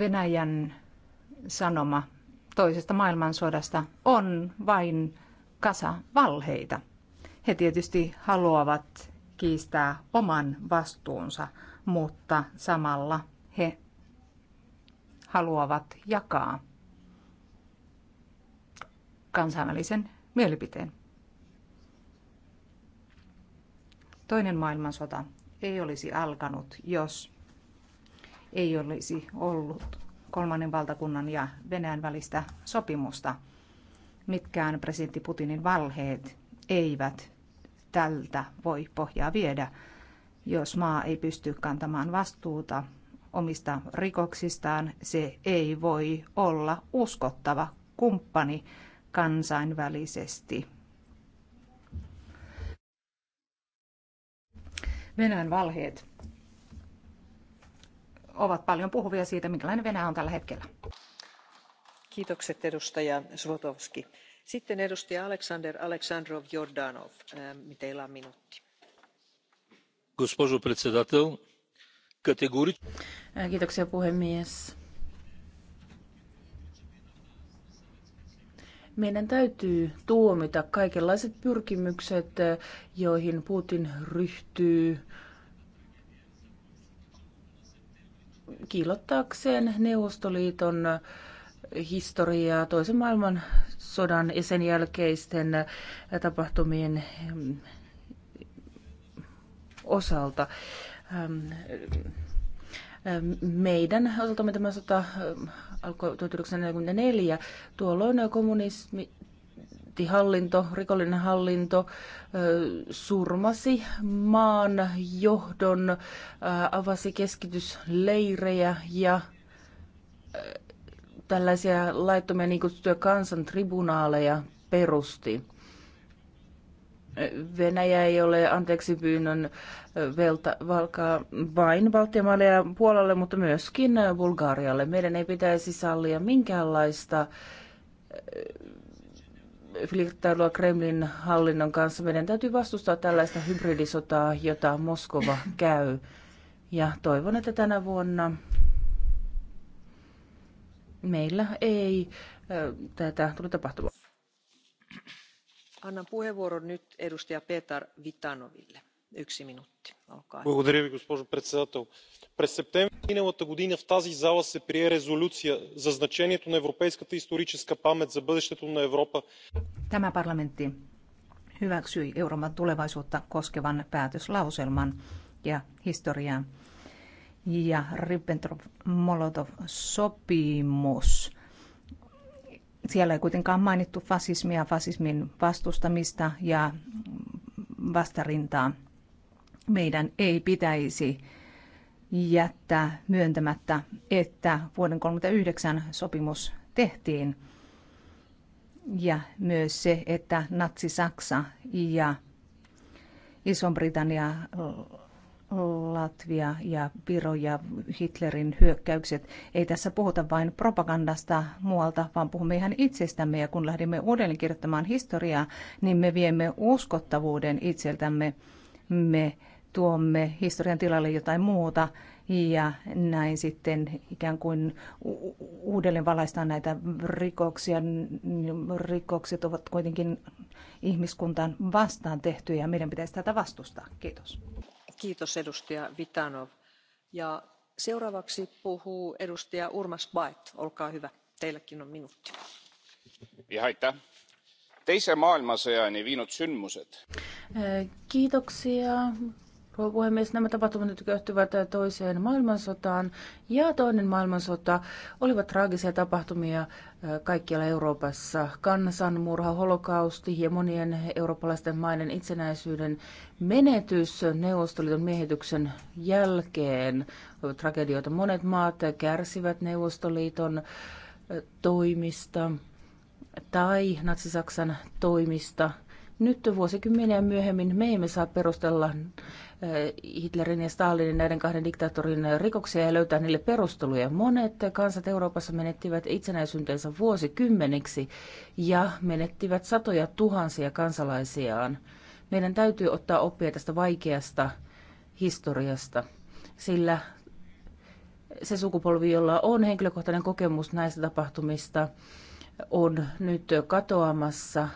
Venäjän sanoma toisesta maailmansodasta on vain kasa valheita. He tietysti haluavat kiistää oman vastuunsa, mutta samalla he haluavat jakaa kansainvälisen mielipiteen. Toinen maailmansota ei olisi alkanut, jos ei olisi ollut kolmannen valtakunnan ja Venäjän välistä sopimusta. Mitkään presidentti Putinin valheet eivät tältä voi pohjaa viedä, jos maa ei pysty kantamaan vastuuta omista rikoksistaan, se ei voi olla uskottava kumppani kansainvälisesti. Venäjän valheet ovat paljon puhuvia siitä, minkälainen Venäjä on tällä hetkellä. Kiitokset edustaja Zvotovski. Sitten edustaja Aleksander Aleksandrov Jordanov, teillä on minuutti. Госпожо председател, категорично... Kiitoksia puhemies. meidän täytyy tuomita kaikenlaiset pyrkimykset, joihin Putin ryhtyy kiillottaakseen Neuvostoliiton historiaa toisen sodan ja sen jälkeisten tapahtumien ähm, osalta. Ähm, ähm, meidän osaltamme tämä sota alkoi 1944. Tuolloin kommunismi mafioottihallinto, rikollinen hallinto surmasi maan johdon, avasi keskitysleirejä ja tällaisia laittomia niin kutsuttuja kansantribunaaleja perusti. Venäjä ei ole anteeksi pyynnön velta, valkaa vain Baltiamaalle ja Puolalle, mutta myöskin Bulgarialle. Meidän ei pitäisi sallia minkäänlaista flirttailua Kremlin hallinnon kanssa. Meidän täytyy vastustaa tällaista hybridisotaa, jota Moskova käy. Ja toivon, että tänä vuonna meillä ei tätä tule tapahtumaan. Annan puheenvuoron nyt edustaja Petar Vitanoville госпожо председател през септември миналата година в тази зала се прие резолюция за значението на европейската историческа памет за бъдещето на европа. tämä parlamentti hyväksyi euroopan tulevaisuutta koskevan päätöslauselman ja historiaa ja ribbentrop molotov sopimus siellä ei kuitenkaan mainittu fasismia, fasismin vastustamista ja vastarintaa meidän ei pitäisi jättää myöntämättä, että vuoden 1939 sopimus tehtiin ja myös se, että Natsi-Saksa ja Iso-Britannia, Latvia ja Viro ja Hitlerin hyökkäykset. Ei tässä puhuta vain propagandasta muualta, vaan puhumme ihan itsestämme. Ja kun lähdemme uudelleen kirjoittamaan historiaa, niin me viemme uskottavuuden itseltämme. Me tuomme historian tilalle jotain muuta ja näin sitten ikään kuin uudelleen valaistaan näitä rikoksia. Rikokset ovat kuitenkin ihmiskuntaan vastaan tehtyjä ja meidän pitäisi tätä vastustaa. Kiitos. Kiitos edustaja Vitanov. Ja seuraavaksi puhuu edustaja Urmas Bait. Olkaa hyvä. Teilläkin on minuutti. Ja aitäh teise maailmasõjani viinud sündmused. kiitoksia Rouva puhemies, nämä tapahtumat jotka johtivat toiseen maailmansotaan ja toinen maailmansota olivat traagisia tapahtumia kaikkialla Euroopassa. Kansanmurha, holokausti ja monien eurooppalaisten maiden itsenäisyyden menetys Neuvostoliiton miehityksen jälkeen olivat tragedioita. Monet maat kärsivät Neuvostoliiton toimista tai Natsi-Saksan toimista – nyt vuosikymmeniä myöhemmin me emme saa perustella äh, Hitlerin ja Stalinin näiden kahden diktaattorin rikoksia ja löytää niille perusteluja. Monet kansat Euroopassa menettivät itsenäisyytensä vuosikymmeniksi ja menettivät satoja tuhansia kansalaisiaan. Meidän täytyy ottaa oppia tästä vaikeasta historiasta, sillä se sukupolvi, jolla on henkilökohtainen kokemus näistä tapahtumista, on nyt katoamassa –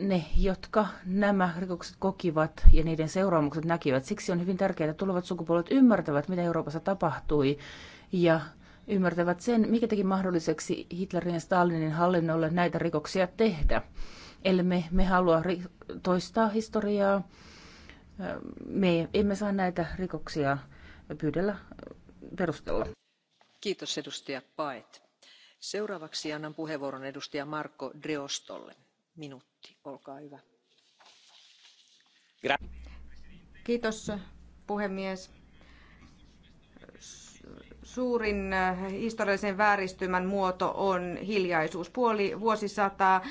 ne, jotka nämä rikokset kokivat ja niiden seuraamukset näkivät. Siksi on hyvin tärkeää, että tulevat sukupolvet ymmärtävät, mitä Euroopassa tapahtui ja ymmärtävät sen, mikä teki mahdolliseksi Hitlerin ja Stalinin hallinnolle näitä rikoksia tehdä. Eli me, me halua toistaa historiaa. Me emme saa näitä rikoksia pyydellä äh, perustella. Kiitos edustaja Paet. Seuraavaksi annan puheenvuoron edustaja Marko Dreostolle minuutti, Kiitos puhemies suurin äh, historiallisen vääristymän muoto on hiljaisuus. Puoli vuosisataa äh,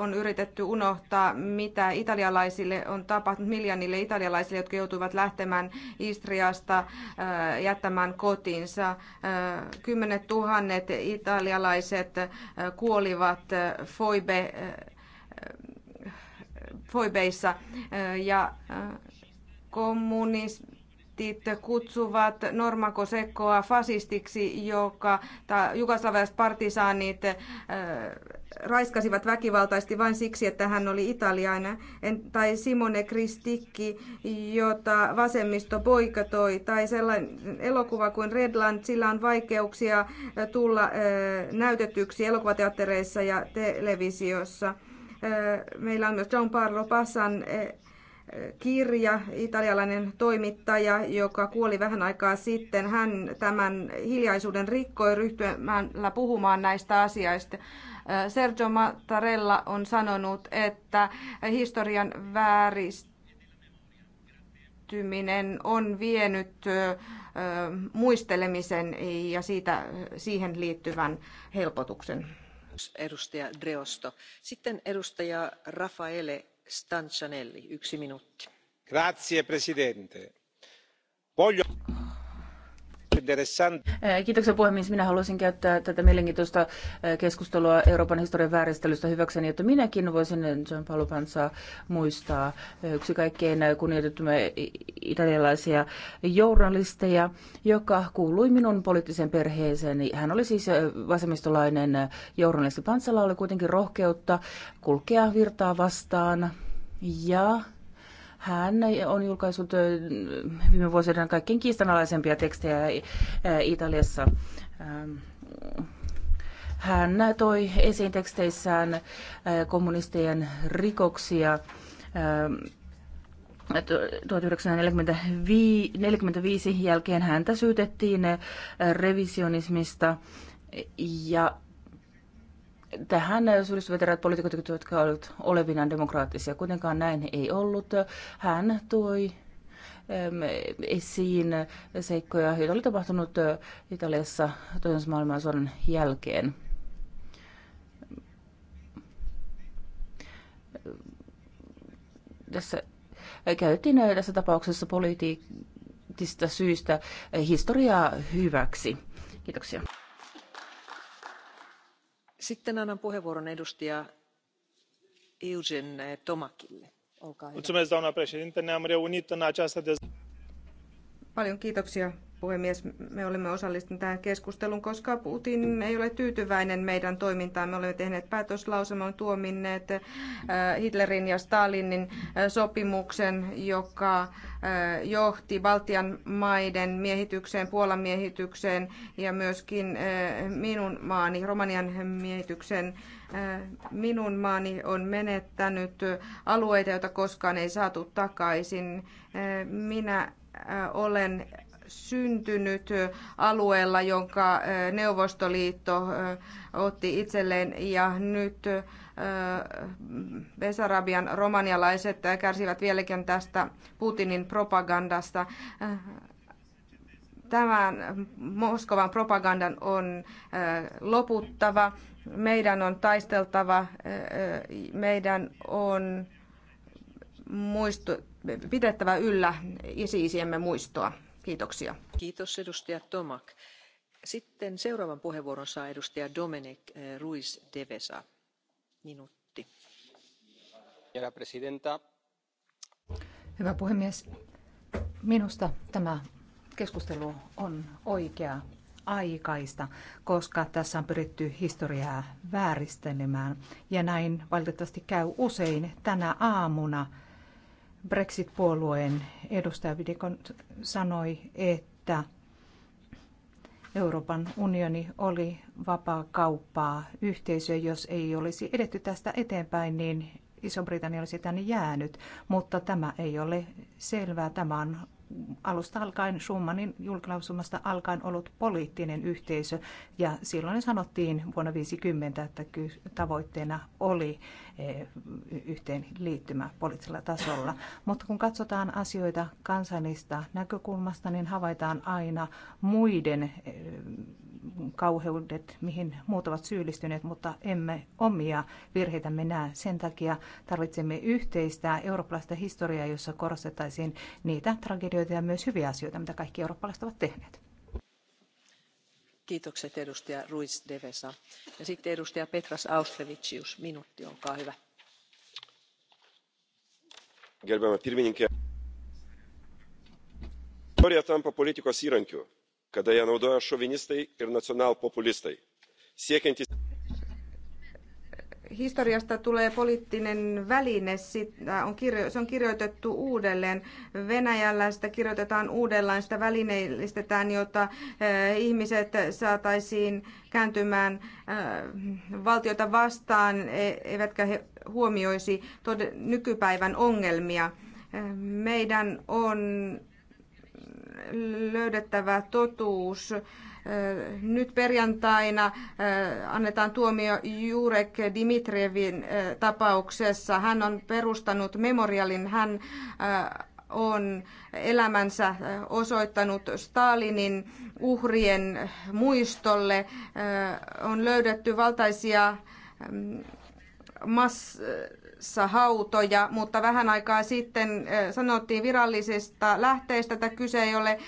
on yritetty unohtaa, mitä italialaisille on tapahtunut, miljoonille italialaisille, jotka joutuivat lähtemään Istriasta äh, jättämään kotinsa. Kymmenet tuhannet italialaiset kuolivat foibe, foibeissa ja kommunismi fasistit kutsuvat Normako Sekkoa fasistiksi, joka jugoslavialaiset partisaanit äh, raiskasivat väkivaltaisesti vain siksi, että hän oli italiainen, en, tai Simone Kristikki, jota vasemmisto poikatoi, tai sellainen elokuva kuin Redland, sillä on vaikeuksia äh, tulla äh, näytetyksi elokuvateattereissa ja televisiossa. Äh, meillä on myös John Parlo Passan äh, kirja, italialainen toimittaja, joka kuoli vähän aikaa sitten. Hän tämän hiljaisuuden rikkoi ryhtymällä puhumaan näistä asioista. Äh, Sergio Mattarella on sanonut, että historian vääristyminen on vienyt äh, muistelemisen ja siitä, siihen liittyvän helpotuksen. Edustaja Dreosto. Sitten edustaja Rafaele signora presidente onorevoli colleghi voglio Eh, kiitoksia puhemies. Minä haluaisin käyttää tätä mielenkiintoista eh, keskustelua Euroopan historian vääristelystä hyväkseni, että minäkin voisin John Paul Pansa muistaa yksi kaikkein kunnioitettuja italialaisia journalisteja, joka kuului minun poliittiseen perheeseeni. Hän oli siis eh, vasemmistolainen journalisti. Pansalla oli kuitenkin rohkeutta kulkea virtaa vastaan ja hän on julkaissut viime vuosina kaikkein kiistanalaisempia tekstejä Italiassa. Ähm, hän toi esiin teksteissään kommunistien rikoksia 1945 ähm, jälkeen häntä syytettiin revisionismista ja tähän syyllistyvät eräät poliitikot, jotka olivat olevinaan demokraattisia. Kuitenkaan näin ei ollut. Hän toi esiin seikkoja, joita oli tapahtunut Italiassa toisen maailmansodan jälkeen. Tässä käytiin tässä tapauksessa poliittista syistä historiaa hyväksi. Kiitoksia. Sitten annan puheenvuoron doamnă președintă ne am reunit în această dezbatere. Paljon kiitoksia puhemies. Me olemme osallistuneet tähän keskusteluun, koska Putin ei ole tyytyväinen meidän toimintaan. Me olemme tehneet päätöslauselman tuominneet äh, Hitlerin ja Stalinin äh, sopimuksen, joka äh, johti Baltian maiden miehitykseen, Puolan miehitykseen ja myöskin minun maani, Romanian miehityksen. Minun maani on menettänyt alueita, joita koskaan ei saatu takaisin. Minä olen syntynyt alueella, jonka Neuvostoliitto otti itselleen ja nyt Besarabian romanialaiset kärsivät vieläkin tästä Putinin propagandasta. Tämän Moskovan propagandan on loputtava. Meidän on taisteltava, meidän on muistu, pidettävä yllä isiisiemme muistoa. Kiitoksia. Kiitos edustaja Tomak. Sitten seuraavan puheenvuoron saa edustaja Domenic eh, Ruiz Vesa Minuutti. Hyvä puhemies. Minusta tämä keskustelu on oikea aikaista, koska tässä on pyritty historiaa vääristelemään. Ja näin valitettavasti käy usein tänä aamuna – Brexit-puolueen edustaja Vidikon sanoi, että Euroopan unioni oli vapaa kauppaa yhteisö, jos ei olisi edetty tästä eteenpäin, niin Iso-Britannia olisi tänne jäänyt, mutta tämä ei ole selvää. Tämä on alusta alkaen, Schumannin julkilausumasta alkaen ollut poliittinen yhteisö. Ja silloin sanottiin vuonna 50, että tavoitteena oli eh, yhteen liittymä poliittisella tasolla. Mutta kun katsotaan asioita kansallisesta näkökulmasta, niin havaitaan aina muiden eh, kauheudet, mihin muut ovat syyllistyneet, mutta emme omia virheitämme näe. Sen takia tarvitsemme yhteistä eurooppalaista historiaa, jossa korostettaisiin niitä tragedioita ja myös hyviä asioita, mitä kaikki eurooppalaiset ovat tehneet. Kiitokset edustaja Ruiz Devesa. Ja sitten edustaja Petras Austrevicius, minuutti, olkaa hyvä. Gerbiama pirmininkė, istorija tampa politikos įrankiu kada ją naudoja šovinistai ir nacionalpopulistai siekiantys historiasta tulee poliittinen väline, sitä äh, on se on kirjoitettu uudelleen. Venäjällä sitä kirjoitetaan uudelleen, sitä välineellistetään, jotta äh, ihmiset saataisiin kääntymään äh, valtiota vastaan, e- eivätkä he huomioisi nykypäivän ongelmia. Meidän on löydettävä totuus. Nyt perjantaina annetaan tuomio Jurek Dimitrievin tapauksessa. Hän on perustanut memorialin. Hän on elämänsä osoittanut Stalinin uhrien muistolle. On löydetty valtaisia massahautoja, mutta vähän aikaa sitten eh, sanottiin virallisista lähteistä, että kyse ei ole eh,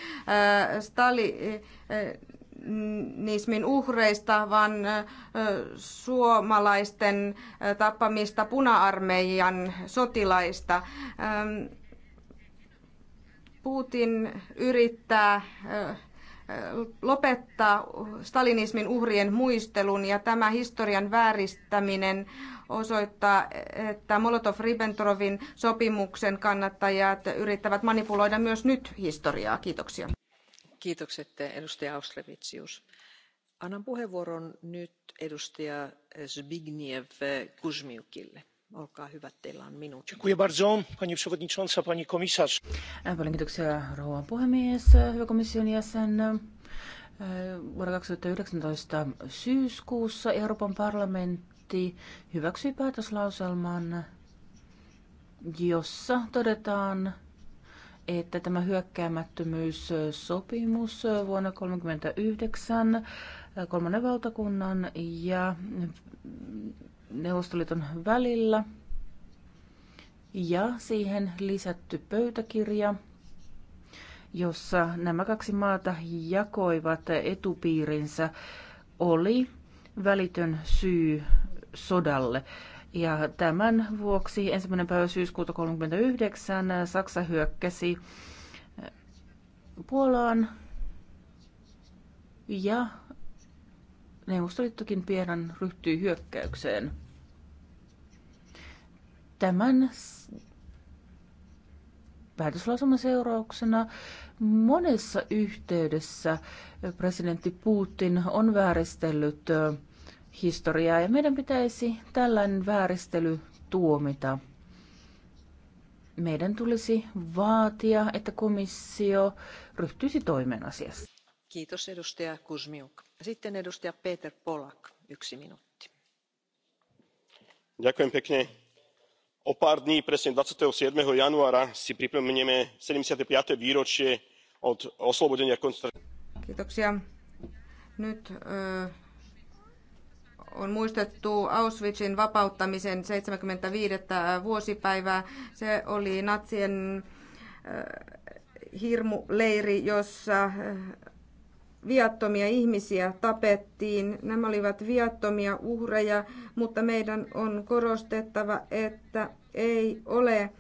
stalinismin eh, uhreista, vaan suomalaisten tappamista puna-armeijan sotilaista. Putin yrittää lopettaa stalinismin uhrien muistelun ja tämä historian vääristäminen osoittaa, että Molotov-Ribbentrovin sopimuksen kannattajat yrittävät manipuloida myös nyt historiaa. Kiitoksia. Kiitokset edustaja Auslevitsius. Annan puheenvuoron nyt edustaja Zbigniew Kuzmiukille pani przewodnicząca! pani komisarz! paljon kiitoksia rouva puhemies hyvä komission jäsen. Vuonna 2019 syyskuussa Euroopan parlamentti hyväksyi päätöslauselman, jossa todetaan, että tämä hyökkäämättömyyssopimus vuonna 1939 kolmannen valtakunnan ja Neuvostoliiton välillä ja siihen lisätty pöytäkirja, jossa nämä kaksi maata jakoivat etupiirinsä, oli välitön syy sodalle. Ja tämän vuoksi ensimmäinen päivä syyskuuta 1939 Saksa hyökkäsi eh, Puolaan ja Neuvostoliittokin pienan ryhtyi hyökkäykseen. Tämän päätöslausuman seurauksena monessa yhteydessä presidentti Putin on vääristellyt historiaa ja meidän pitäisi tällainen vääristely tuomita. Meidän tulisi vaatia, että komissio ryhtyisi toimeen asiassa arvoisa puhemies o pár dní presne. twenty seven januára si pripomenieme seventy five výročie od oslobodenia koncentračného. nyt on muistettu Auschwitzin vapauttamisen 75. vuosipäivää. Se oli natsien hirmuleiri, jossa viattomia ihmisiä tapettiin. Nämä olivat viattomia uhreja, mutta meidän on korostettava, että ei ole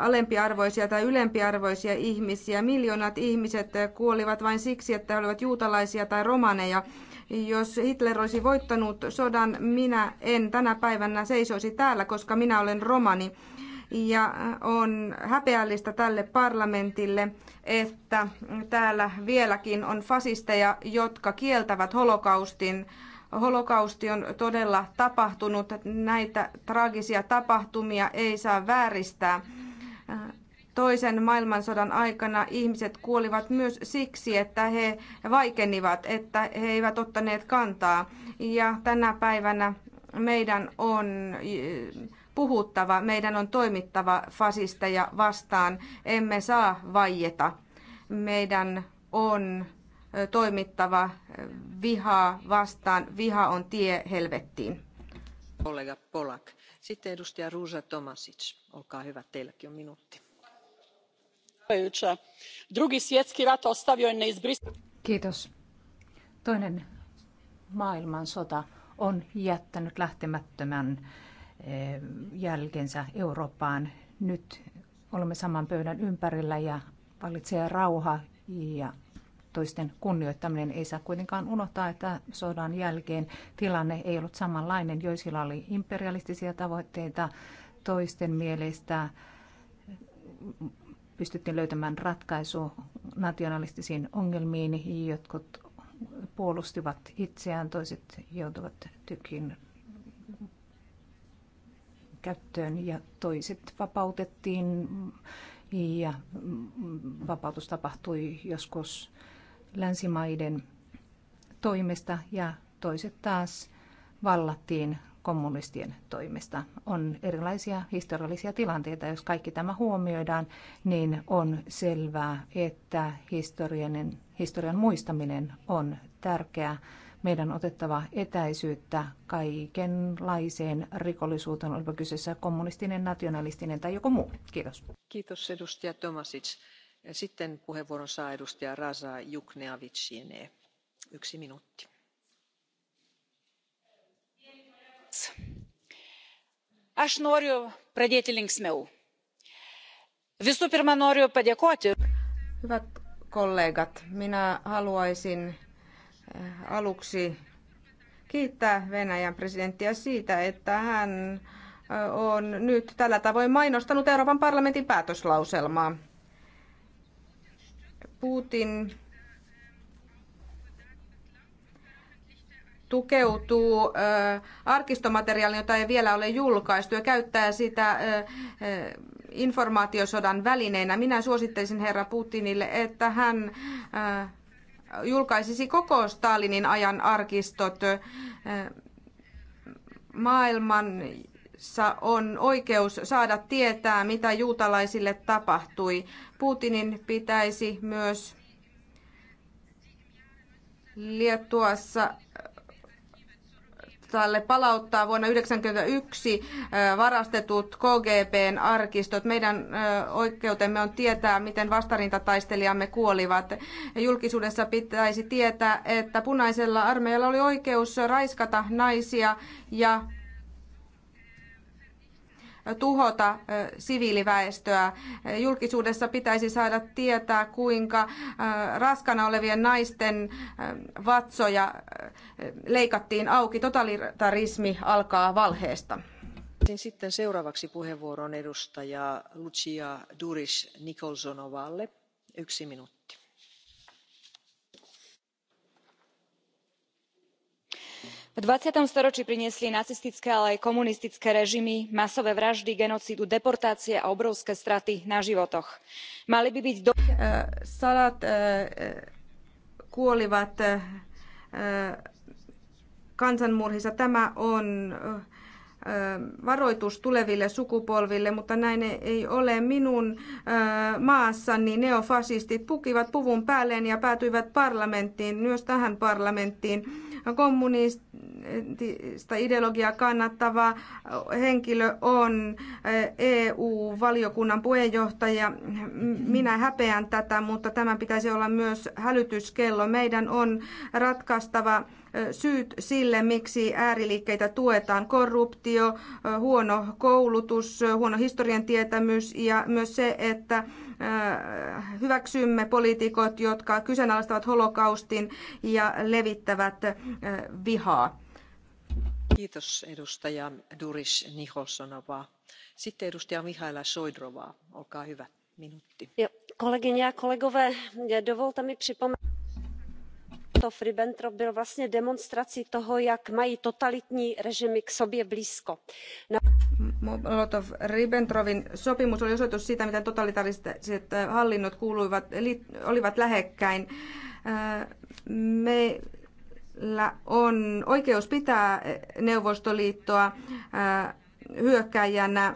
alempiarvoisia tai ylempiarvoisia ihmisiä. Miljoonat ihmiset kuolivat vain siksi, että he olivat juutalaisia tai romaneja. Jos Hitler olisi voittanut sodan, minä en tänä päivänä seisoisi täällä, koska minä olen romani ja on häpeällistä tälle parlamentille, että täällä vieläkin on fasisteja, jotka kieltävät holokaustin. Holokausti on todella tapahtunut. Näitä traagisia tapahtumia ei saa vääristää. Toisen maailmansodan aikana ihmiset kuolivat myös siksi, että he vaikenivat, että he eivät ottaneet kantaa. Ja tänä päivänä meidän on puhuttava, meidän on toimittava fasisteja vastaan. Emme saa vaieta. Meidän on toimittava vihaa vastaan. Viha on tie helvettiin. Kollega Polak. Sitten edustaja Ruusa Tomasic. Olkaa hyvä, teilläkin on minuutti. Drugi Kiitos. Toinen maailmansota on jättänyt lähtemättömän Eh, jälkensä Eurooppaan. Nyt olemme saman pöydän ympärillä ja valitsee rauha ja toisten kunnioittaminen. Ei saa kuitenkaan unohtaa, että sodan jälkeen tilanne ei ollut samanlainen. Joisilla oli imperialistisia tavoitteita toisten mielestä. Pystyttiin löytämään ratkaisu nationalistisiin ongelmiin. Jotkut puolustivat itseään, toiset joutuvat tykin käyttöön ja toiset vapautettiin ja vapautus tapahtui joskus länsimaiden toimesta ja toiset taas vallattiin kommunistien toimesta. On erilaisia historiallisia tilanteita. Jos kaikki tämä huomioidaan, niin on selvää, että historian muistaminen on tärkeää meidän otettava etäisyyttä kaikenlaiseen rikollisuuteen, olipa kyseessä kommunistinen, nationalistinen tai joku muu. Kiitos. Kiitos edustaja Tomasic. Sitten puheenvuoron saa edustaja Raza Jukneavicine. Yksi minuutti. Aš noriu pradėti linksmiau. Visų pirma, noriu padėkoti. Hyvät kollegat, minä haluaisin aluksi kiittää Venäjän presidenttiä siitä, että hän on nyt tällä tavoin mainostanut Euroopan parlamentin päätöslauselmaa. Putin tukeutuu arkistomateriaaliin, jota ei vielä ole julkaistu, ja käyttää sitä informaatiosodan välineenä. Minä suosittelisin herra Putinille, että hän julkaisisi koko Stalinin ajan arkistot. Maailmansa on oikeus saada tietää, mitä juutalaisille tapahtui. Putinin pitäisi myös Liettuassa Tälle palauttaa vuonna 1991 varastetut KGBn arkistot. Meidän oikeutemme on tietää, miten vastarintataistelijamme kuolivat. Julkisuudessa pitäisi tietää, että punaisella armeijalla oli oikeus raiskata naisia ja tuhota siviiliväestöä. Julkisuudessa pitäisi saada tietää, kuinka raskana olevien naisten vatsoja leikattiin auki. Totalitarismi alkaa valheesta. Sitten seuraavaksi puheenvuoron edustaja Lucia Duris Nikolsonovalle. Yksi minuutti v. dvadsiatom storočí priniesli nacistické ale aj komunistické režimy masové vraždy genocídu deportácie a obrovské straty na životoch. mali by byť. Eh, sadat eh, eh, kuolivat kansanmurhissa. Tämä on varoitus tuleville sukupolville, mutta näin ei ole minun maassani. Neofasistit pukivat puvun päälleen ja päätyivät parlamenttiin, myös tähän parlamenttiin kommunistista ideologiaa kannattava henkilö on EU-valiokunnan eh, e puheenjohtaja. Minä häpeän tätä, mutta tämän pitäisi olla myös hälytyskello. Meidän on ratkaistava eh, syyt sille, miksi ääriliikkeitä tuetaan. Korruptio, eh, huono koulutus, huono historian tietämys ja myös se, että hyväksymme poliitikot, jotka kyseenalaistavat holokaustin ja levittävät vihaa. Kiitos edustaja Duris Nihosonova. Sitten edustaja Mihaila Soidrova, olkaa hyvä, minuutti. Kollegin ja kollegove, dovolte mi připomenout, molotov ribbentrop byl vlastně demonstrací toho jak mají totalitní režimy k sobě blízko. Molotov-Ribbentrovin sopimus oli osoitus siitä, miten totalitaariset äh, hallinnot kuuluivat, olivat lähekkäin. Äh, meillä on oikeus pitää äh, Neuvostoliittoa hyökkäjänä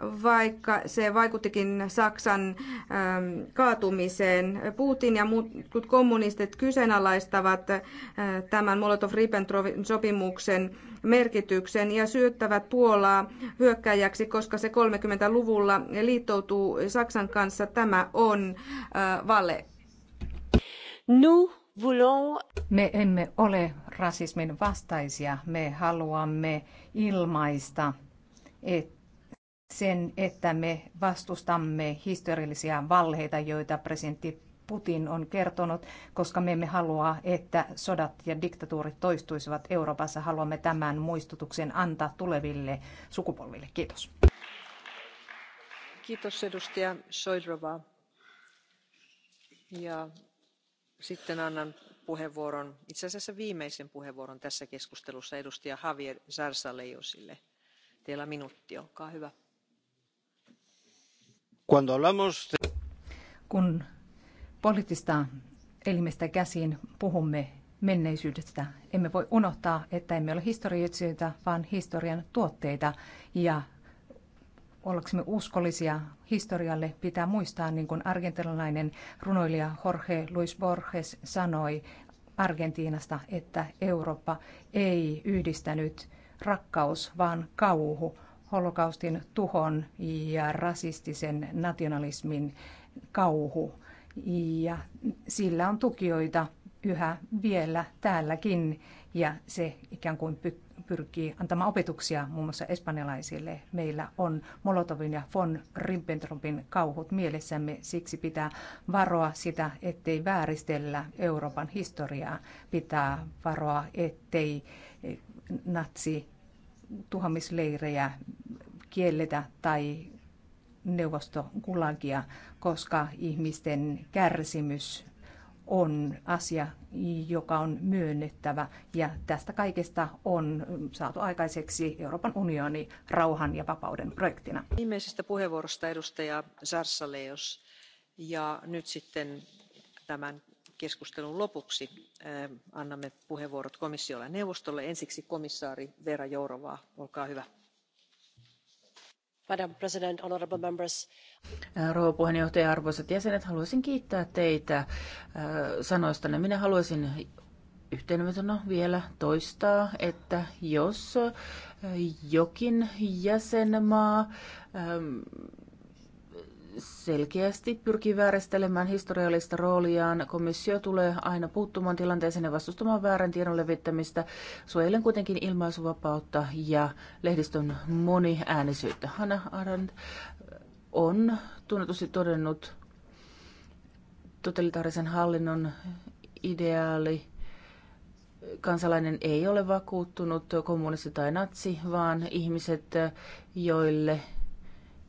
vaikka se vaikuttikin Saksan ähm, kaatumiseen. Putin ja muut kommunistit kyseenalaistavat äh, tämän molotov ribbentrop sopimuksen merkityksen ja syyttävät Puolaa hyökkäjäksi, koska se 30-luvulla liittoutuu Saksan kanssa. Tämä on äh, vale. me emme ole rasismin vastaisia. Me haluamme ilmaista, että sen, että me vastustamme historiallisia valheita, joita presidentti Putin on kertonut, koska me emme halua, että sodat ja diktatuurit toistuisivat Euroopassa. Haluamme tämän muistutuksen antaa tuleville sukupolville. Kiitos. Kiitos edustaja Soidrova. Ja sitten annan puheenvuoron, itse asiassa viimeisen puheenvuoron tässä keskustelussa edustaja Javier Zarsalejosille. Teillä minuutti, olkaa hyvä Cuando hablamos de... Kun poliittista elimestä käsin puhumme menneisyydestä, emme voi unohtaa, että emme ole historioitsijoita, vaan historian tuotteita. Ja ollaksemme uskollisia historialle pitää muistaa, niin kuin argentinalainen runoilija Jorge Luis Borges sanoi Argentiinasta, että Eurooppa ei yhdistänyt rakkaus, vaan kauhu – holokaustin tuhon ja rasistisen nationalismin kauhu. Ja sillä on tukijoita yhä vielä täälläkin ja se ikään kuin pyrkii antamaan opetuksia muun muassa espanjalaisille. Meillä on Molotovin ja von Ribbentropin kauhut mielessämme, siksi pitää varoa sitä, ettei vääristellä Euroopan historiaa. Pitää varoa, ettei eh, natsi tuhamisleirejä kielletä tai neuvostokulakia, koska ihmisten kärsimys on asia, joka on myönnettävä. Ja tästä kaikesta on saatu aikaiseksi Euroopan unioni rauhan ja vapauden projektina. Viimeisestä puheenvuorosta edustaja Sarsaleos. Ja nyt sitten tämän keskustelun lopuksi annamme puheenvuorot komissiolle ja neuvostolle. ensiksi komissaari vra jourov olkaa hyvä. arvoisa puhemies arvoisat jäsenet, haluaisin kiittää teitä sanoistanne. Minä haluaisin yhteenvetona vielä toistaa, että jos jokin jäsenmaa selkeästi pyrkii vääristelemään historiallista rooliaan. Komissio tulee aina puuttumaan tilanteeseen ja vastustamaan väärän tiedon levittämistä, suojellen kuitenkin ilmaisuvapautta ja lehdistön moniäänisyyttä. Hanna Arendt on tunnetusti todennut totalitaarisen hallinnon ideaali kansalainen ei ole vakuuttunut kommunisti tai natsi, vaan ihmiset, joille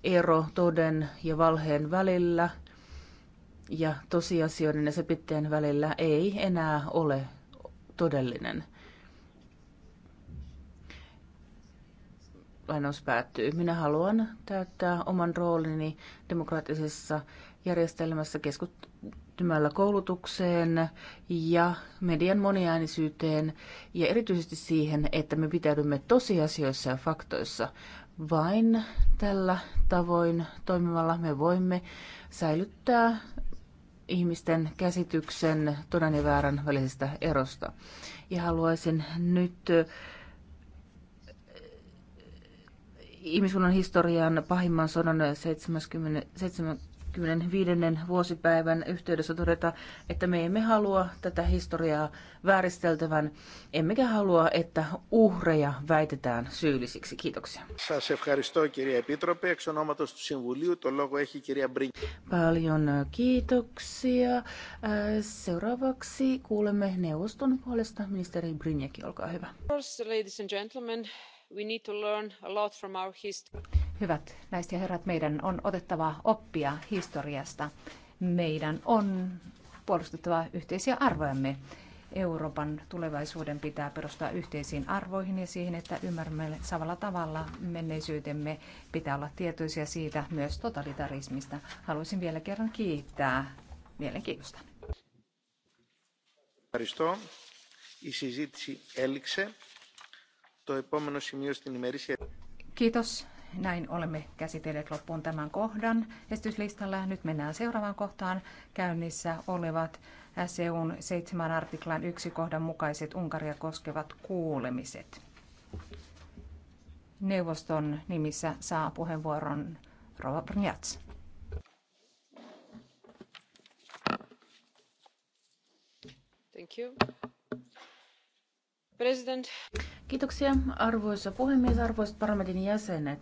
ero toden ja valheen välillä ja tosiasioiden ja sepitteen välillä ei enää ole todellinen. Lainaus päättyy. Minä haluan täyttää oman roolini demokraattisessa järjestelmässä keskittymällä koulutukseen ja median moniäänisyyteen ja erityisesti siihen, että me pitäydymme tosiasioissa ja faktoissa. Vain tällä tavoin toimivalla me voimme säilyttää ihmisten käsityksen todan ja väärän välisestä erosta. Ja haluaisin nyt ihmiskunnan historian pahimman sodan 70, 70 25. vuosipäivän yhteydessä todeta, että me emme halua tätä historiaa vääristeltävän, emmekä halua, että uhreja väitetään syyllisiksi. Kiitoksia. Paljon kiitoksia. Seuraavaksi kuulemme neuvoston puolesta ministeri Brinjaki, olkaa hyvä. ladies and gentlemen, we need to learn a lot from our history. Hyvät naiset ja herrat, meidän on otettava oppia historiasta. Meidän on puolustettava yhteisiä arvojamme. Euroopan tulevaisuuden pitää perustaa yhteisiin arvoihin ja siihen, että ymmärrämme samalla tavalla menneisyytemme. Pitää olla tietoisia siitä myös totalitarismista. Haluaisin vielä kerran kiittää mielenkiinnosta. Ευχαριστώ. Η συζήτηση έληξε. Το επόμενο σημείο στην ημερήσια... Kiitos näin olemme käsitelleet loppuun tämän kohdan esityslistalla. Nyt mennään seuraavaan kohtaan. Käynnissä olevat SEUn 7 artiklan 1 kohdan mukaiset Unkaria koskevat kuulemiset. Neuvoston nimissä saa puheenvuoron Rova Brnjats. Thank you. President. Kiitoksia arvoisa puhemies, arvoisat parlamentin jäsenet.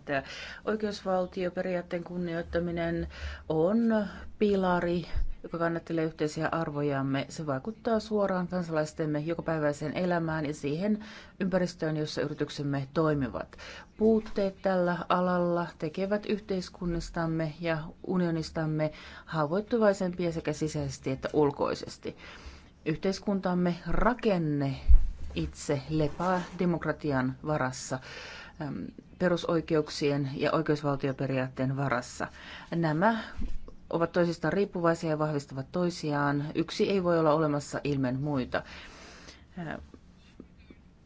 Oikeusvaltioperiaatteen kunnioittaminen on pilari joka kannattelee yhteisiä arvojamme. Se vaikuttaa suoraan kansalaistemme jokapäiväiseen elämään ja siihen ympäristöön, jossa yrityksemme toimivat. Puutteet tällä alalla tekevät yhteiskunnistamme ja unionistamme haavoittuvaisempia sekä sisäisesti että ulkoisesti. Yhteiskuntamme rakenne itse lepää demokratian varassa, perusoikeuksien ja oikeusvaltioperiaatteen varassa. Nämä ovat toisistaan riippuvaisia ja vahvistavat toisiaan. Yksi ei voi olla olemassa ilmen muita.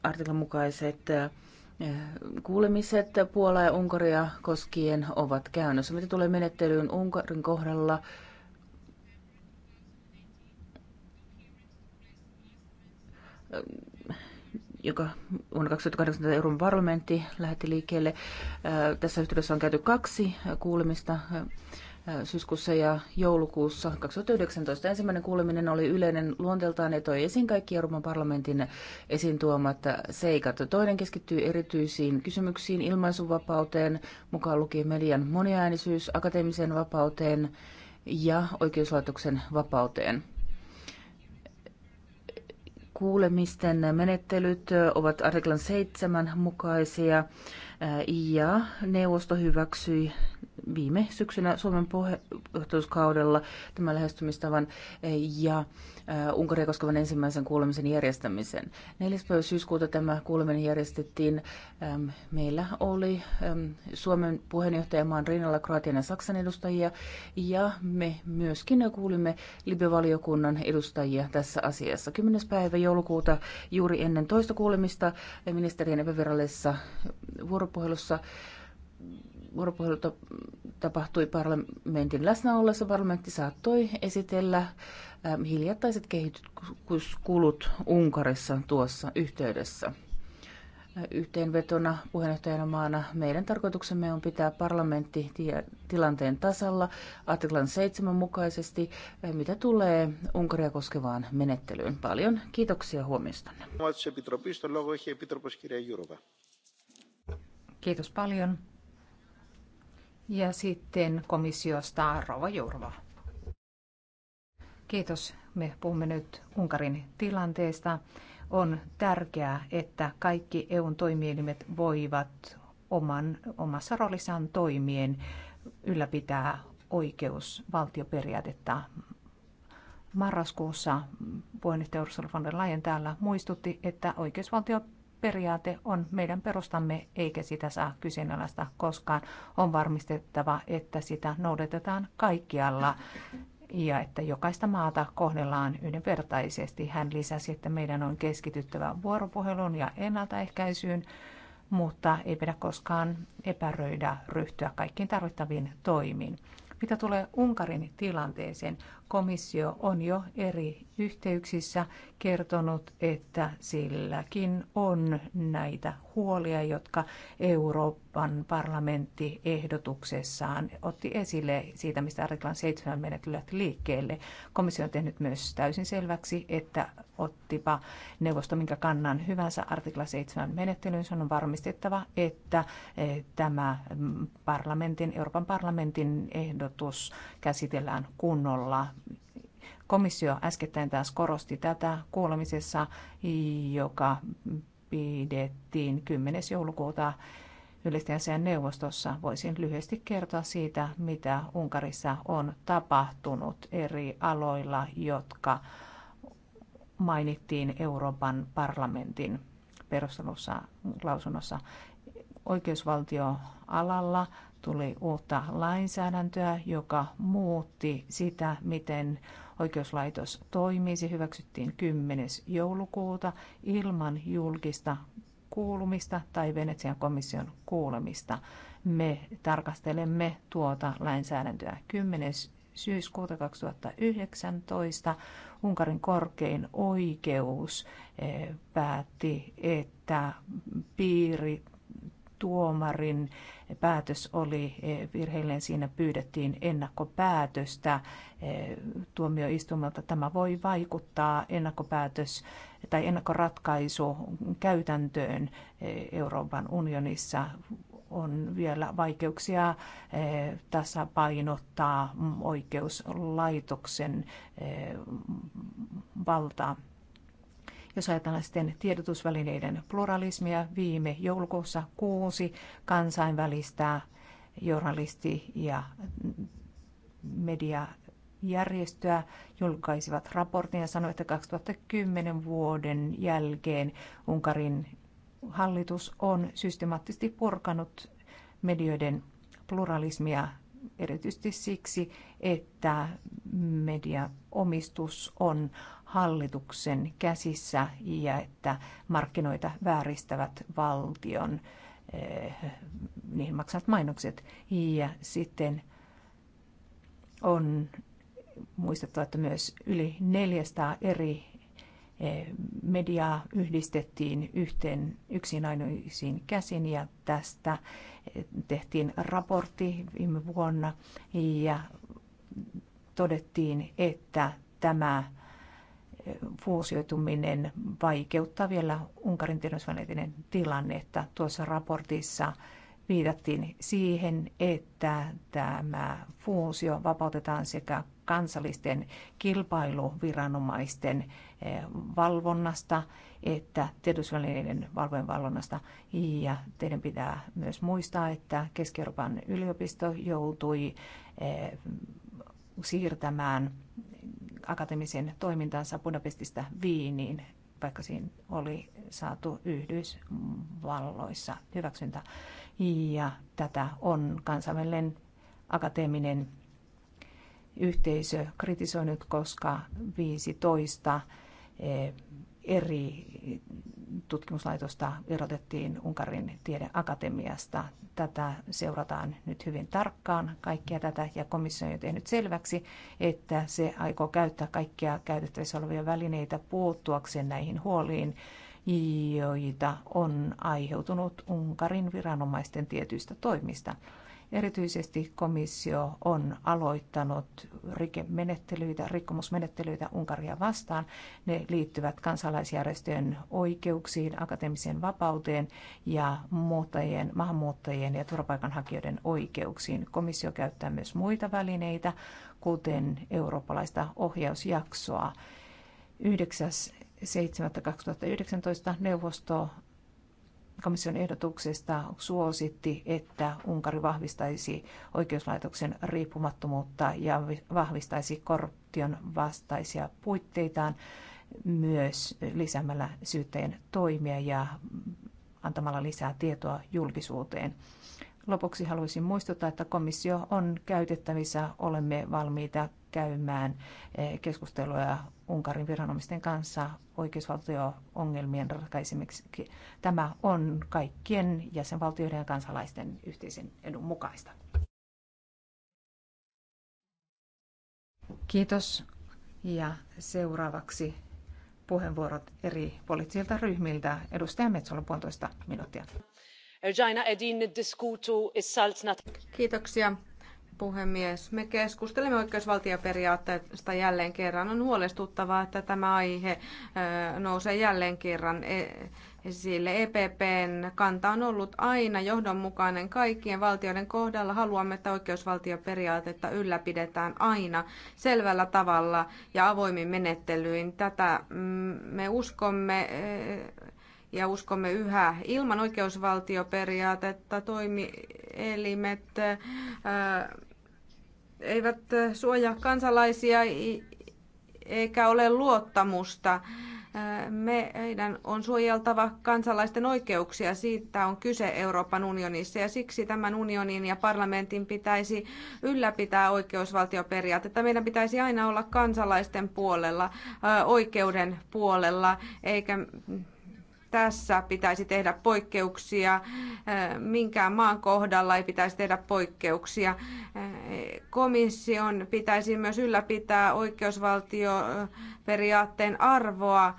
Artiklan mukaiset kuulemiset Puola ja Unkaria koskien ovat käynnissä. Mitä tulee menettelyyn Unkarin kohdalla? joka vuonna 2018 Euroopan parlamentti lähetti liikkeelle. Tässä yhteydessä on käyty kaksi kuulemista syyskuussa ja joulukuussa 2019. Ensimmäinen kuuleminen oli yleinen luonteeltaan ja toi esiin kaikki Euroopan parlamentin esiin tuomat seikat. Toinen keskittyy erityisiin kysymyksiin ilmaisuvapauteen, mukaan lukien median moniäänisyys, akateemiseen vapauteen ja oikeuslaitoksen vapauteen kuulemisten menettelyt ovat artiklan 7 mukaisia ja neuvosto hyväksyi viime syksynä Suomen puheenjohtajuuskaudella tämän lähestymistavan eh, ja eh, Unkaria koskevan ensimmäisen kuulemisen järjestämisen. 4. päivä syyskuuta tämä kuuleminen järjestettiin. Meillä oli Suomen puheenjohtajamaan rinnalla Kroatian ja Saksan edustajia ja me myöskin kuulimme Libe-valiokunnan edustajia tässä asiassa. 10. päivä joulukuuta juuri ennen toista kuulemista eh, ministerien epävirallisessa vuoropuhelussa vuoropuhelu tapahtui parlamentin läsnä ollessa. Parlamentti saattoi esitellä ähm, hiljattaiset kehityskulut Unkarissa tuossa yhteydessä. Äh, yhteenvetona puheenjohtajana maana meidän tarkoituksemme on pitää parlamentti tilanteen tasalla artiklan 7 mukaisesti, äh, mitä tulee Unkaria koskevaan menettelyyn. Paljon kiitoksia huomiostanne. Kiitos paljon. Ja sitten komissiosta Rova Jurva. Kiitos. Me puhumme nyt Unkarin tilanteesta. On tärkeää, että kaikki EUn toimielimet voivat oman, omassa roolissaan toimien ylläpitää oikeusvaltioperiaatetta. Marraskuussa puheenjohtaja Ursula von der Leyen täällä muistutti, että oikeusvaltio periaate on meidän perustamme, eikä sitä saa kyseenalaista koskaan. On varmistettava, että sitä noudatetaan kaikkialla ja että jokaista maata kohdellaan yhdenvertaisesti. Hän lisäsi, että meidän on keskityttävä vuoropuheluun ja ennaltaehkäisyyn, mutta ei pidä koskaan epäröidä ryhtyä kaikkiin tarvittaviin toimiin. Mitä tulee Unkarin tilanteeseen, komissio on jo eri yhteyksissä kertonut, että silläkin on näitä huolia, jotka Euroopan parlamentti ehdotuksessaan otti esille siitä, mistä artiklan 7 menetty lähti liikkeelle. Komissio on tehnyt myös täysin selväksi, että ottipa neuvosto minkä kannan hyvänsä artikla 7 menettelyyn, on varmistettava, että eh, tämä parlamentin, Euroopan parlamentin ehdotus käsitellään kunnolla Komissio äskettäin taas korosti tätä kuulemisessa, joka pidettiin 10. joulukuuta yleisten neuvostossa. Voisin lyhyesti kertoa siitä, mitä Unkarissa on tapahtunut eri aloilla, jotka mainittiin Euroopan parlamentin perustelussa lausunnossa oikeusvaltioalalla tuli uutta lainsäädäntöä, joka muutti sitä, miten oikeuslaitos toimii. Se hyväksyttiin 10. joulukuuta ilman julkista kuulumista tai Venetsian komission kuulemista. Me tarkastelemme tuota lainsäädäntöä 10 syyskuuta 2019 Unkarin korkein oikeus eh, päätti, että piiri tuomarin päätös oli e, virheellinen. Siinä pyydettiin ennakkopäätöstä e, tuomioistuimelta. Tämä voi vaikuttaa ennakkopäätös tai ennakkoratkaisu käytäntöön e, Euroopan unionissa on vielä vaikeuksia tasapainottaa oikeuslaitoksen valtaa. Jos ajatellaan sitten tiedotusvälineiden pluralismia, viime joulukuussa kuusi kansainvälistä journalisti- ja mediajärjestöä julkaisivat raportin ja sanoivat, että 2010 vuoden jälkeen Unkarin hallitus on systemaattisesti purkanut medioiden pluralismia erityisesti siksi, että mediaomistus on hallituksen käsissä ja että markkinoita vääristävät valtion eh, niihin maksavat mainokset. Ja sitten on muistettava, että myös yli 400 eri eh, mediaa yhdistettiin yhteen yksin ainoisiin käsin ja tästä tehtiin raportti viime vuonna ja todettiin, että tämä fuusioituminen vaikeuttaa vielä Unkarin tiedotusvälineiden tilannetta. Tuossa raportissa viitattiin siihen, että tämä fuusio vapautetaan sekä kansallisten kilpailuviranomaisten eh, valvonnasta, että tiedotusvälineiden valvojen valvonnasta. Ja teidän pitää myös muistaa, että Keski-Euroopan yliopisto joutui eh, siirtämään akateemisen toimintansa Budapestista Viiniin, vaikka siinä oli saatu Yhdysvalloissa hyväksyntä. Ja tätä on kansainvälinen akateeminen yhteisö kritisoinut, koska 15 eh, eri tutkimuslaitosta erotettiin Unkarin tiedeakatemiasta. Tätä seurataan nyt hyvin tarkkaan, kaikkia tätä, ja komissio on jo tehnyt selväksi, että se aikoo käyttää kaikkia käytettävissä olevia välineitä puuttuakseen näihin huoliin, joita on aiheutunut Unkarin viranomaisten tietyistä toimista. Erityisesti komissio on aloittanut rikemenettelyitä, rikkomusmenettelyitä Unkaria vastaan. Ne liittyvät kansalaisjärjestöjen oikeuksiin, akateemiseen vapauteen ja muuttajien, maahanmuuttajien ja turvapaikanhakijoiden oikeuksiin. Komissio käyttää myös muita välineitä, kuten eurooppalaista ohjausjaksoa. 9.7.2019 neuvosto komission ehdotuksesta suositti, että Unkari vahvistaisi oikeuslaitoksen riippumattomuutta ja vahvistaisi korruption vastaisia puitteitaan myös lisäämällä syyttäjän toimia ja antamalla lisää tietoa julkisuuteen. Lopuksi haluaisin muistuttaa, että komissio on käytettävissä. Olemme valmiita käymään eh, keskusteluja Unkarin viranomaisten kanssa oikeusvaltio-ongelmien ratkaisemiseksi. Tämä on kaikkien jäsenvaltioiden ja kansalaisten yhteisen edun mukaista. Kiitos. Ja seuraavaksi puheenvuorot eri poliittisilta ryhmiltä. Edustaja Metsola puolitoista minuuttia. Kiitoksia puhemies. Me keskustelemme oikeusvaltioperiaatteesta jälleen kerran. On huolestuttavaa, että tämä aihe nousee jälleen kerran e- esille. EPPn kanta on ollut aina johdonmukainen kaikkien valtioiden kohdalla. Haluamme, että oikeusvaltioperiaatetta ylläpidetään aina selvällä tavalla ja avoimin menettelyin. Tätä mm, me uskomme e, ja uskomme yhä. Ilman oikeusvaltioperiaatetta toimielimet ää, eivät suojaa kansalaisia eikä ole luottamusta. Meidän on suojeltava kansalaisten oikeuksia, siitä on kyse Euroopan unionissa ja siksi tämän unionin ja parlamentin pitäisi ylläpitää oikeusvaltioperiaatetta. Meidän pitäisi aina olla kansalaisten puolella, oikeuden puolella, eikä tässä pitäisi tehdä poikkeuksia, äh, minkään maan kohdalla ei pitäisi tehdä poikkeuksia. Äh, komission pitäisi myös ylläpitää oikeusvaltioperiaatteen arvoa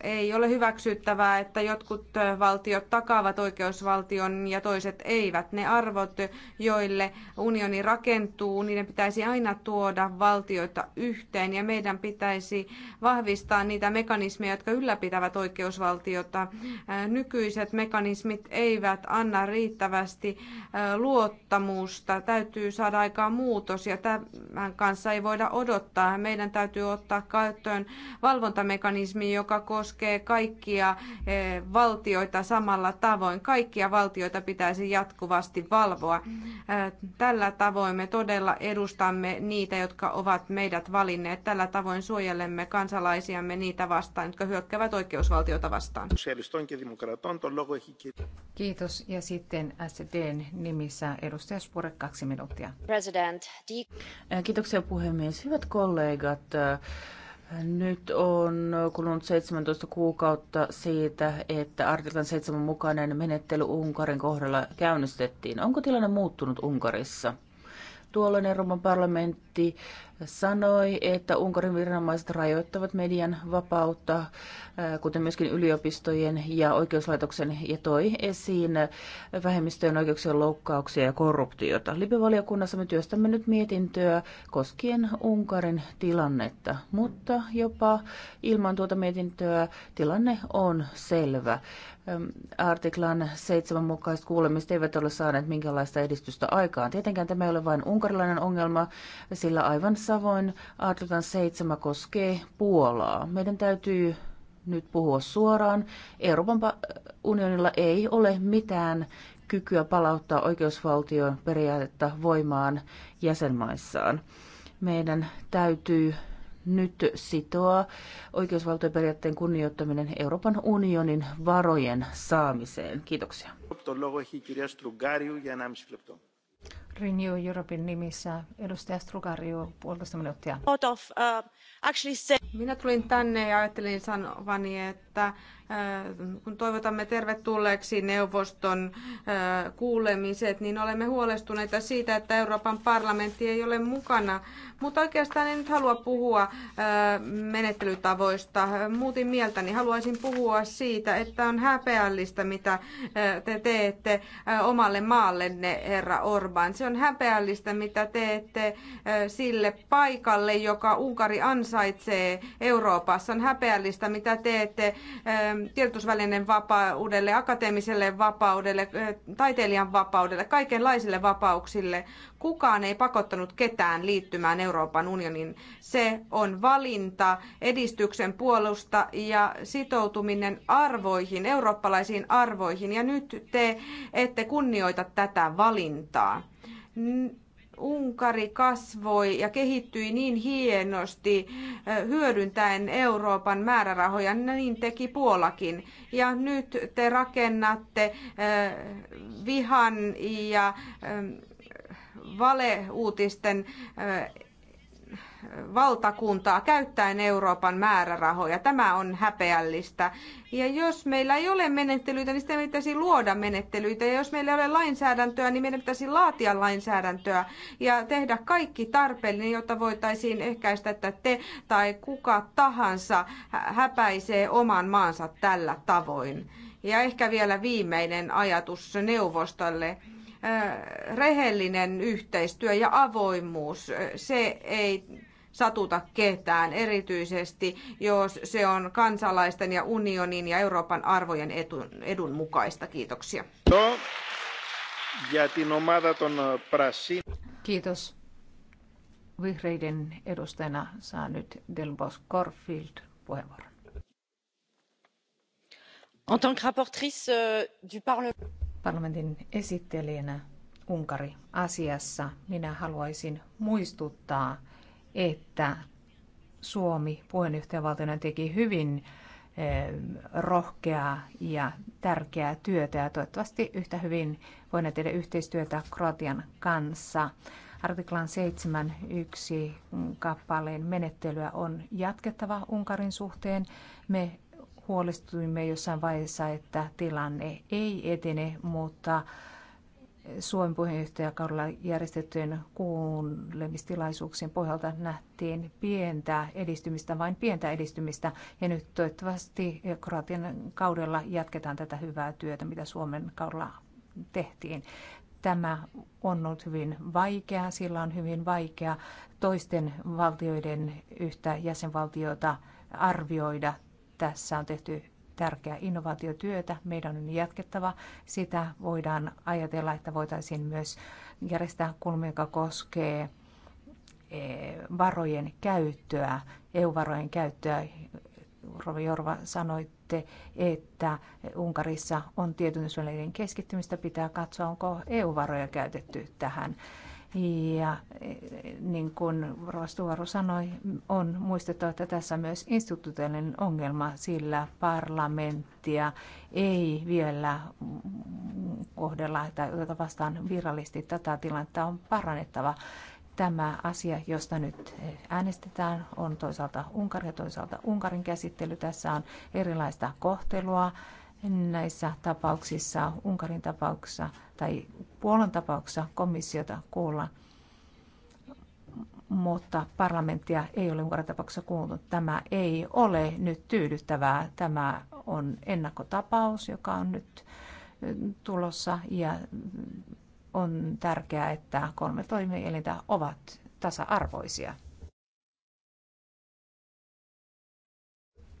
ei ole hyväksyttävää, että jotkut valtiot takaavat oikeusvaltion ja toiset eivät. Ne arvot, joille unioni rakentuu, niiden pitäisi aina tuoda valtioita yhteen ja meidän pitäisi vahvistaa niitä mekanismeja, jotka ylläpitävät oikeusvaltiota. Nykyiset mekanismit eivät anna riittävästi luottamusta. Täytyy saada aikaan muutos ja tämän kanssa ei voida odottaa. Meidän täytyy ottaa käyttöön valvontamekanismi, joka koskee kaikkia eh, valtioita samalla tavoin. Kaikkia valtioita pitäisi jatkuvasti valvoa. Eh, tällä tavoin me todella edustamme niitä, jotka ovat meidät valinneet. Tällä tavoin suojelemme kansalaisiamme niitä vastaan, jotka hyökkäävät oikeusvaltiota vastaan. Kiitos. Ja sitten SDn nimissä edustaja Spure, kaksi minuuttia. President. Kiitoksia puhemies. Hyvät kollegat, nyt on kulunut 17 kuukautta siitä, että artiklan 7 mukainen menettely Unkarin kohdalla käynnistettiin. Onko tilanne muuttunut Unkarissa? Tuolloin Euroopan parlamentti sanoi, että Unkarin viranomaiset rajoittavat median vapautta, kuten myöskin yliopistojen ja oikeuslaitoksen, ja toi esiin vähemmistöjen oikeuksien loukkauksia ja korruptiota. Libevaliokunnassa me työstämme nyt mietintöä koskien Unkarin tilannetta, mutta jopa ilman tuota mietintöä tilanne on selvä. Artiklan 7 mukaiset kuulemiset eivät ole saaneet minkäänlaista edistystä aikaan. Tietenkään tämä ei ole vain unkarilainen ongelma, sillä aivan Savoin artiklan 7 koskee Puolaa. Meidän täytyy nyt puhua suoraan. Euroopan unionilla ei ole mitään kykyä palauttaa oikeusvaltion periaatetta voimaan jäsenmaissaan. Meidän täytyy nyt sitoa oikeusvaltioperiaatteen kunnioittaminen Euroopan unionin varojen saamiseen. Kiitoksia. Renew Europein nimissä edustaja Strugariu puolitoista minuuttia. Uh, Minä tulin tänne ja ajattelin sanovani, että uh, kun toivotamme tervetulleeksi neuvoston uh, kuulemiset, niin olemme huolestuneita siitä, että Euroopan parlamentti ei ole mukana. Mutta oikeastaan en nyt halua puhua menettelytavoista. Muutin mieltäni. Haluaisin puhua siitä, että on häpeällistä, mitä te teette omalle maallenne, herra Orban. Se on häpeällistä, mitä teette sille paikalle, joka Unkari ansaitsee Euroopassa. On häpeällistä, mitä teette tiedotusvälineen vapaudelle, akateemiselle vapaudelle, taiteilijan vapaudelle, kaikenlaisille vapauksille. Kukaan ei pakottanut ketään liittymään Euroopan unionin. Se on valinta, edistyksen puolusta ja sitoutuminen arvoihin, eurooppalaisiin arvoihin. Ja nyt te ette kunnioita tätä valintaa. Unkari kasvoi ja kehittyi niin hienosti hyödyntäen Euroopan määrärahoja, niin teki Puolakin. Ja nyt te rakennatte vihan ja valeuutisten valtakuntaa käyttäen Euroopan määrärahoja. Tämä on häpeällistä. Ja jos meillä ei ole menettelyitä, niin sitten pitäisi luoda menettelyitä. Ja jos meillä ei ole lainsäädäntöä, niin meidän pitäisi laatia lainsäädäntöä ja tehdä kaikki tarpeellinen, jotta voitaisiin ehkäistä, että te tai kuka tahansa häpäisee oman maansa tällä tavoin. Ja ehkä vielä viimeinen ajatus neuvostolle äh, rehellinen yhteistyö ja avoimuus, äh, se ei satuta ketään, erityisesti jos se on kansalaisten ja unionin ja Euroopan arvojen edun, edun mukaista. Kiitoksia. No, äh, Kiitos. Vihreiden edustajana saa nyt Delbos Corfield puheenvuoron. En tant que rapportrice euh, du Parlement. Parlamentin esittelijänä Unkari asiassa minä haluaisin muistuttaa että Suomi puheenjohtajavaltiona teki hyvin eh, rohkeaa ja tärkeää työtä ja toivottavasti yhtä hyvin voimme tehdä yhteistyötä Kroatian kanssa. Artiklan 7.1 kappaleen menettelyä on jatkettava Unkarin suhteen. Me huolestuimme jossain vaiheessa, että tilanne ei etene, mutta Suomen puheenjohtajakaudella järjestettyjen kuulemistilaisuuksien pohjalta nähtiin pientä edistymistä, vain pientä edistymistä. Ja nyt toivottavasti Kroatian kaudella jatketaan tätä hyvää työtä, mitä Suomen kaudella tehtiin. Tämä on ollut hyvin vaikea, sillä on hyvin vaikea toisten valtioiden yhtä jäsenvaltiota arvioida. Tässä on tehty tärkeää innovaatiotyötä. Meidän on jatkettava sitä. Voidaan ajatella, että voitaisiin myös järjestää kulma, joka koskee e, varojen käyttöä, EU-varojen käyttöä. Rova Jorva sanoitte, että Unkarissa on tietynlaisen keskittymistä. Pitää katsoa, onko EU-varoja käytetty tähän. Ja niin kuin Rostuvaru sanoi, on muistettava, että tässä on myös instituutiollinen ongelma, sillä parlamenttia ei vielä kohdella tai oteta vastaan virallisesti tätä tilannetta on parannettava. Tämä asia, josta nyt äänestetään, on toisaalta Unkari ja toisaalta Unkarin käsittely. Tässä on erilaista kohtelua näissä tapauksissa, Unkarin tapauksessa tai Puolan tapauksessa komissiota kuulla, mutta parlamenttia ei ole Unkarin tapauksessa kuultu. Tämä ei ole nyt tyydyttävää. Tämä on ennakkotapaus, joka on nyt tulossa ja on tärkeää, että kolme toimielintä ovat tasa-arvoisia.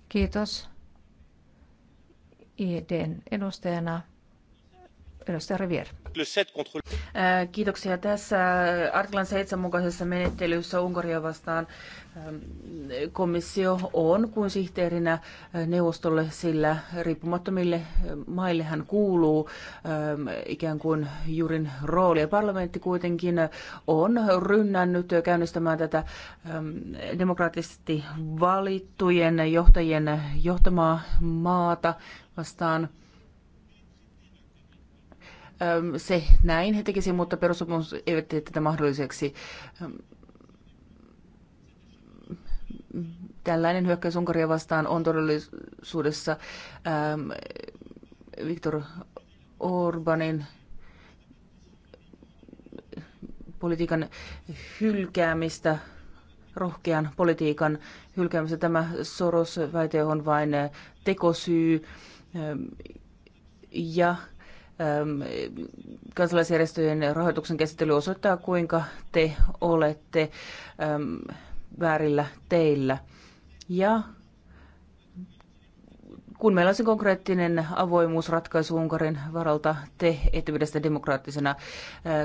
Kiitos. IEDn edustajana Kiitoksia. Tässä artiklan 7 mukaisessa menettelyssä Unkaria vastaan komissio on kuin sihteerinä neuvostolle, sillä riippumattomille maille hän kuuluu ikään kuin jurin rooli. Parlamentti kuitenkin on rynnännyt käynnistämään tätä demokraattisesti valittujen johtajien johtamaa maata vastaan – se näin he tekisivät, mutta perussopimus eivät tee tätä mahdolliseksi. Tällainen hyökkäys Unkaria vastaan on todellisuudessa Viktor Orbanin politiikan hylkäämistä, rohkean politiikan hylkäämistä. Tämä Soros-väite on vain tekosyy ja kansalaisjärjestöjen rahoituksen käsittely osoittaa, kuinka te olette väärillä teillä. Ja kun meillä on se konkreettinen avoimuusratkaisu Unkarin varalta, te ette pidä sitä demokraattisena.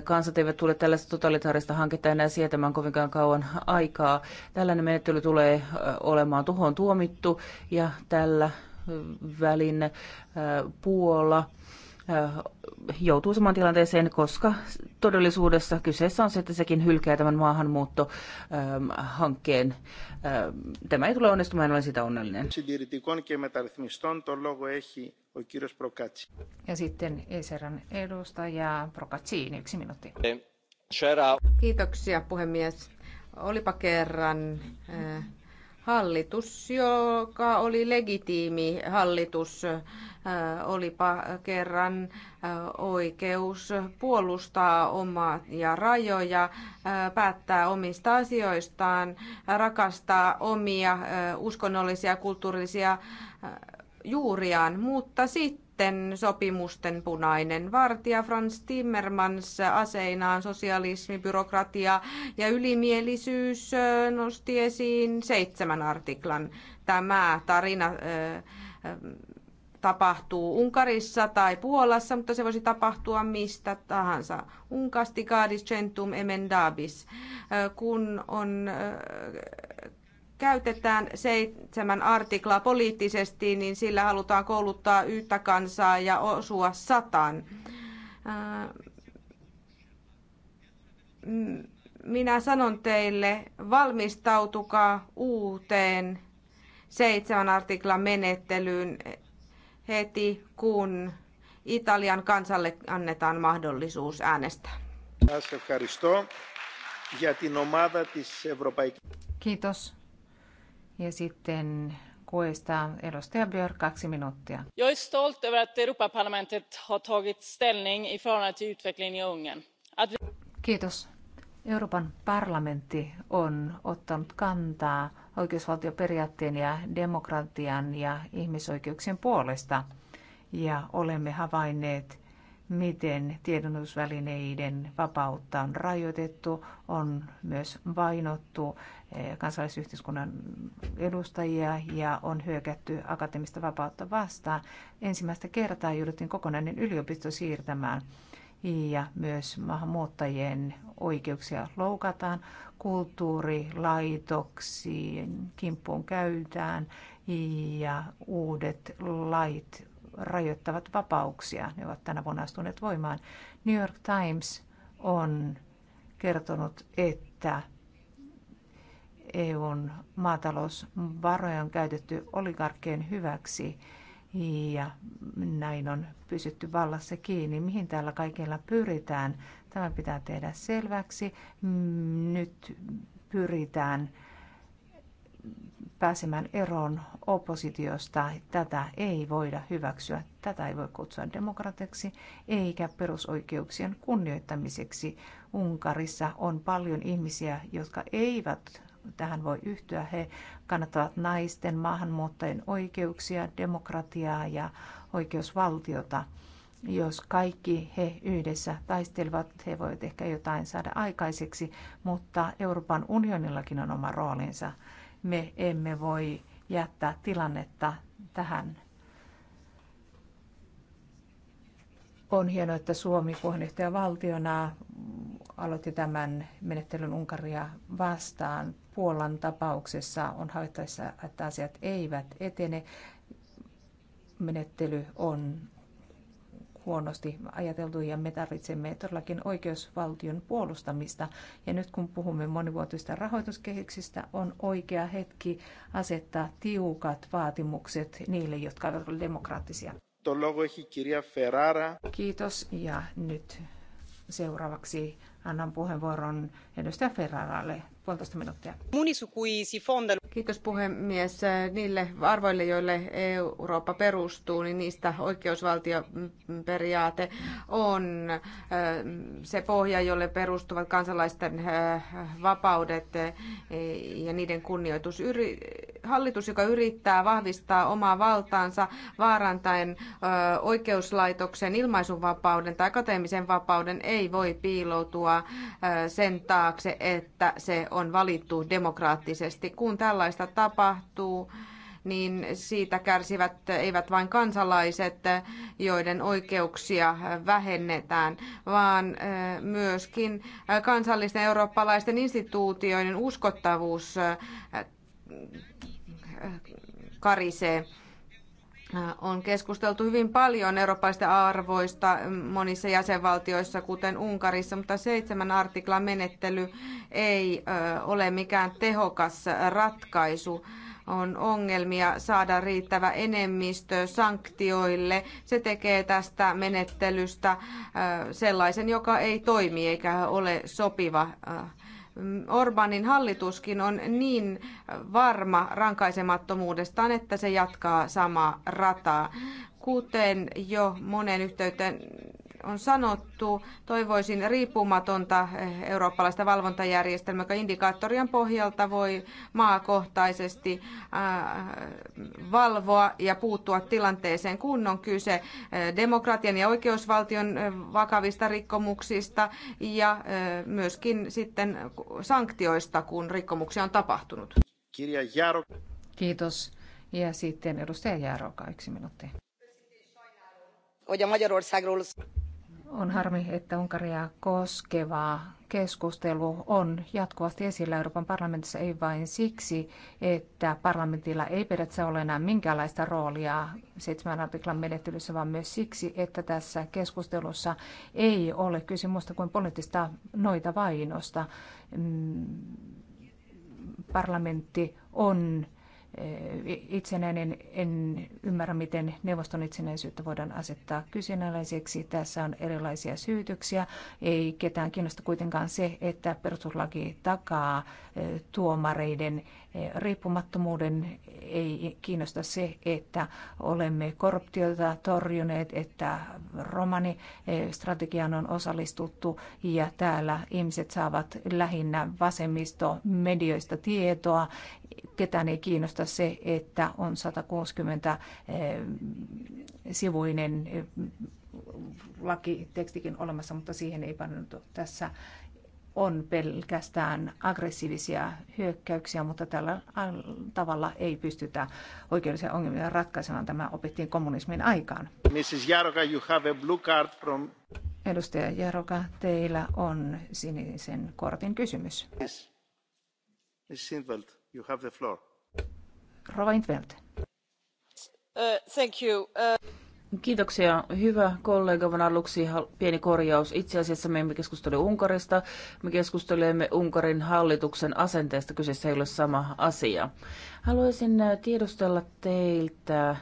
Kansat eivät tule tällaista totalitaarista hanketta enää sietämään kovinkaan kauan aikaa. Tällainen menettely tulee olemaan tuhoon tuomittu ja tällä välin Puola joutuu samaan tilanteeseen, koska todellisuudessa kyseessä on se, että sekin hylkää tämän maahanmuuttohankkeen. Tämä ei tule onnistumaan, olen sitä onnellinen. Ja sitten Eseran edustaja Prokatsiin, yksi minuutti. Kiitoksia puhemies. Olipa kerran äh, Hallitus, joka oli legitiimi hallitus, äh, olipa kerran äh, oikeus puolustaa ja rajoja, äh, päättää omista asioistaan, rakastaa omia uskonnollisia ja kulttuurisia juuriaan, mutta sitten sitten sopimusten punainen vartija Franz Timmermans aseinaan sosialismi, byrokratia ja ylimielisyys nosti esiin seitsemän artiklan. Tämä tarina tapahtuu Unkarissa tai Puolassa, mutta se voisi tapahtua mistä tahansa. Unkasti centum emendabis. Kun on käytetään seitsemän artiklaa poliittisesti, niin sillä halutaan kouluttaa yhtä kansaa ja osua sataan. Äh, minä sanon teille, valmistautukaa uuteen seitsemän artiklan menettelyyn heti, kun Italian kansalle annetaan mahdollisuus äänestää. Kiitos. Ja sitten kuesta edustaja Björk kaksi minuuttia. Jag är stolt över att Europaparlamentet har tagit ställning i förhållande till utvecklingen i Ungern. Att... Kiitos. Euroopan parlamentti on ottanut kantaa oikeusvaltioperiaatteen ja demokratian ja ihmisoikeuksien puolesta. Ja olemme havainneet, miten tiedonusvälineiden vapautta on rajoitettu, on myös vainottu Eh, kansalaisyhteiskunnan edustajia ja on hyökätty akateemista vapautta vastaan. Ensimmäistä kertaa jouduttiin kokonainen yliopisto siirtämään ja myös maahanmuuttajien oikeuksia loukataan, kulttuurilaitoksiin kimppuun käytään ja uudet lait rajoittavat vapauksia. Ne ovat tänä vuonna astuneet voimaan. New York Times on kertonut, että EUn maatalousvaroja on käytetty oligarkkien hyväksi ja näin on pysytty vallassa kiinni. Mihin täällä kaikilla pyritään? Tämä pitää tehdä selväksi. Nyt pyritään pääsemään eroon oppositiosta. Tätä ei voida hyväksyä. Tätä ei voi kutsua demokrateksi eikä perusoikeuksien kunnioittamiseksi. Unkarissa on paljon ihmisiä, jotka eivät tähän voi yhtyä. He kannattavat naisten, maahanmuuttajien oikeuksia, demokratiaa ja oikeusvaltiota. Jos kaikki he yhdessä taistelevat, he voivat ehkä jotain saada aikaiseksi, mutta Euroopan unionillakin on oma roolinsa. Me emme voi jättää tilannetta tähän On hienoa, että Suomi puheenjohtajavaltiona aloitti tämän menettelyn Unkaria vastaan. Puolan tapauksessa on havaittavissa, että asiat eivät etene. Menettely on huonosti ajateltu ja me tarvitsemme todellakin oikeusvaltion puolustamista. Ja nyt kun puhumme monivuotisista rahoituskehyksistä, on oikea hetki asettaa tiukat vaatimukset niille, jotka ovat demokraattisia. Kiitos ja nyt seuraavaksi annan puheenvuoron edustaja Ferraralle puolitoista minuuttia. Kiitos puhemies. Niille arvoille, joille Eurooppa perustuu, niin niistä oikeusvaltioperiaate on eh, se pohja, jolle perustuvat kansalaisten eh, vapaudet eh, ja niiden kunnioitus. hallitus, joka yrittää vahvistaa omaa valtaansa vaarantaen oikeuslaitoksen ilmaisunvapauden tai akateemisen vapauden, ei voi piiloutua sen taakse, että se on valittu demokraattisesti. Kun tällaista tapahtuu, niin siitä kärsivät eivät vain kansalaiset, joiden oikeuksia vähennetään, vaan myöskin kansallisten eurooppalaisten instituutioiden uskottavuus karisee. Äh, on keskusteltu hyvin paljon eurooppalaisista arvoista mm, monissa jäsenvaltioissa, kuten Unkarissa, mutta seitsemän artiklan menettely ei äh, ole mikään tehokas ratkaisu. On ongelmia saada riittävä enemmistö sanktioille. Se tekee tästä menettelystä äh, sellaisen, joka ei toimi eikä ole sopiva Orbanin hallituskin on niin varma rankaisemattomuudestaan, että se jatkaa samaa rataa. Kuten jo monen yhteyteen on sanottu, toivoisin riippumatonta eh, eurooppalaista valvontajärjestelmää, joka indikaattorien pohjalta voi maakohtaisesti eh, valvoa ja puuttua tilanteeseen, kun on kyse eh, demokratian ja oikeusvaltion vakavista rikkomuksista ja myöskin sitten sanktioista, kun rikkomuksia on tapahtunut. Kiitos. Ja sitten edustaja Jääroka, yksi minuutti on harmi, että Unkaria koskeva keskustelu on jatkuvasti esillä Euroopan parlamentissa, ei vain siksi, että parlamentilla ei periaatteessa ole enää minkäänlaista roolia 7 artiklan menettelyssä, vaan myös siksi, että tässä keskustelussa ei ole kyse muusta kuin poliittista noita vainosta. Mm, parlamentti on itsenäinen. En ymmärrä, miten neuvoston itsenäisyyttä voidaan asettaa kyseenalaiseksi. Tässä on erilaisia syytyksiä. Ei ketään kiinnosta kuitenkaan se, että perustuslaki takaa tuomareiden riippumattomuuden. Ei kiinnosta se, että olemme korruptiota torjuneet, että Romani strategian on osallistuttu ja täällä ihmiset saavat lähinnä vasemmisto medioista tietoa ketään ei kiinnosta se, että on 160 eh, sivuinen eh, lakitekstikin olemassa, mutta siihen ei pannut tässä on pelkästään aggressiivisia hyökkäyksiä, mutta tällä tavalla ei pystytä oikeudellisia ongelmia ratkaisemaan. Tämä opittiin kommunismin aikaan. Mrs. Jaroka, you have a blue card from... Edustaja Jaroka, teillä on sinisen kortin kysymys. Yes. Ms. Sinveld. You have the floor. Uh, uh, Kiitoksia. Hyvä kollega. Vaan aluksi pieni korjaus. Itse asiassa me emme keskustele Unkarista. Me keskustelemme Unkarin hallituksen asenteesta. Kyseessä ei ole sama asia. Haluaisin äh, tiedustella teiltä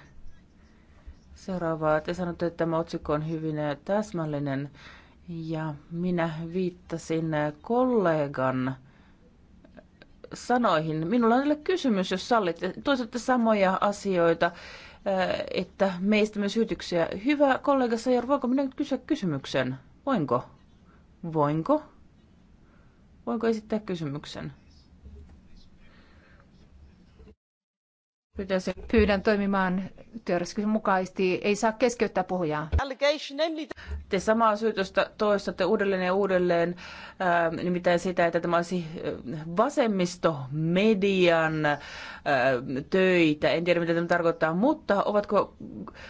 seuraavaa. Te sanotte, että tämä otsikko on hyvin äh, täsmällinen. Ja minä viittasin äh, kollegan sanoihin. Minulla on kysymys, jos sallitte. Toisatte samoja asioita, eh, että meistä myös hyötyksiä. Hyvä kollega Sajar, voinko minä nyt kysyä kysymyksen? Voinko? Voinko? Voinko esittää kysymyksen? Pyydän toimimaan työjärjestyksen mukaisesti. Ei saa keskeyttää puhujaa. Te samaa syytöstä toistatte uudelleen ja uudelleen, äh, nimittäin sitä, että tämä olisi äh, vasemmistomedian äh, töitä. En tiedä, mitä tämä tarkoittaa, mutta ovatko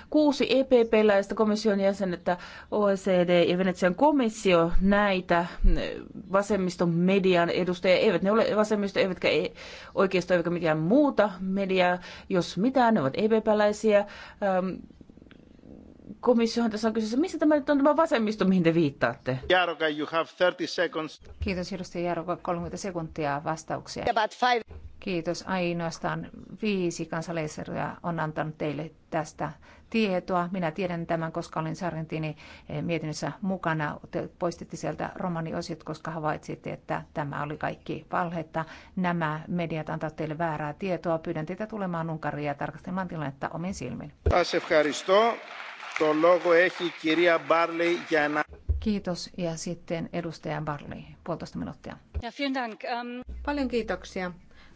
kuusi EPP-läistä komission jäsenettä, OECD ja Venetsian komissio näitä äh, vasemmistomedian edustajia? Eivät ne ole vasemmisto, eivätkä e- oikeisto, eivätkä mitään muuta mediaa jos mitään, ne ovat EPP-läisiä. Ähm, Komissiohan tässä on kyseessä. Missä tämä nyt on tämä vasemmisto, mihin te viittaatte? Jaroka, you have 30 seconds. Kiitos edustaja Jaroka, 30 sekuntia vastauksia. About five. Kiitos. Ainoastaan viisi kansalaiseria on antanut teille tästä tietoa. Minä tiedän tämän, koska olin Sargentini eh, mietinnössä mukana. Te poistitte sieltä romaniosiot, koska havaitsitte, että tämä oli kaikki valhetta. Nämä mediat antavat teille väärää tietoa. Pyydän teitä tulemaan Unkariin ja tarkastelemaan tilannetta omin silmin. Kiitos. Ja sitten edustaja Barley, puolitoista minuuttia. Ja, dank. Ähm, Paljon kiitoksia.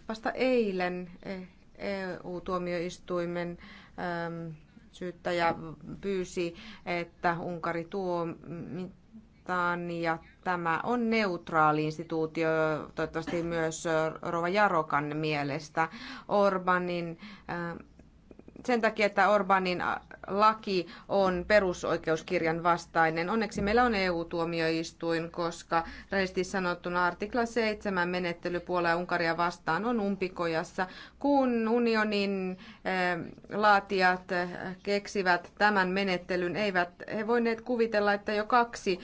Vasta eilen eh, EU-tuomioistuimen ähm, syyttäjä pyysi, että Unkari tuo mitään, ja tämä on neutraali instituutio, toivottavasti myös Rova Jarokan mielestä. Orbanin äh, sen takia, että Orbanin laki on perusoikeuskirjan vastainen. Onneksi meillä on EU-tuomioistuin, koska reisti sanottuna artikla 7 menettely ja Unkaria vastaan on umpikojassa, kun unionin e, laatijat e, keksivät tämän menettelyn. Eivät he voineet kuvitella, että jo kaksi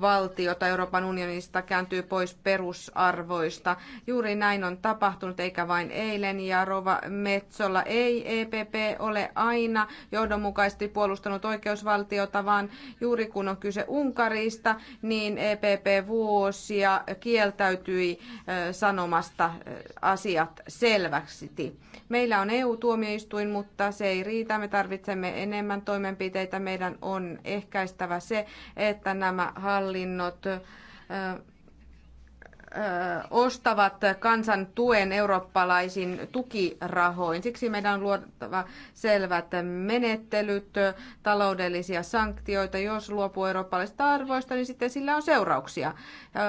valtiota Euroopan unionista kääntyy pois perusarvoista. Juuri näin on tapahtunut, eikä vain eilen. Ja Rova Metsola ei EPP ole aina johdonmukaisesti puolustanut oikeusvaltiota, vaan juuri kun on kyse Unkarista, niin EPP vuosia kieltäytyi sanomasta asiat selväksi. Meillä on EU-tuomioistuin, mutta se ei riitä. Me tarvitsemme enemmän toimenpiteitä. Meidän on ehkäistävä se, että nämä hallinnot ostavat kansan tuen eurooppalaisin tukirahoin. Siksi meidän on luotava selvät menettelyt, taloudellisia sanktioita. Jos luopuu eurooppalaisista arvoista, niin sitten sillä on seurauksia.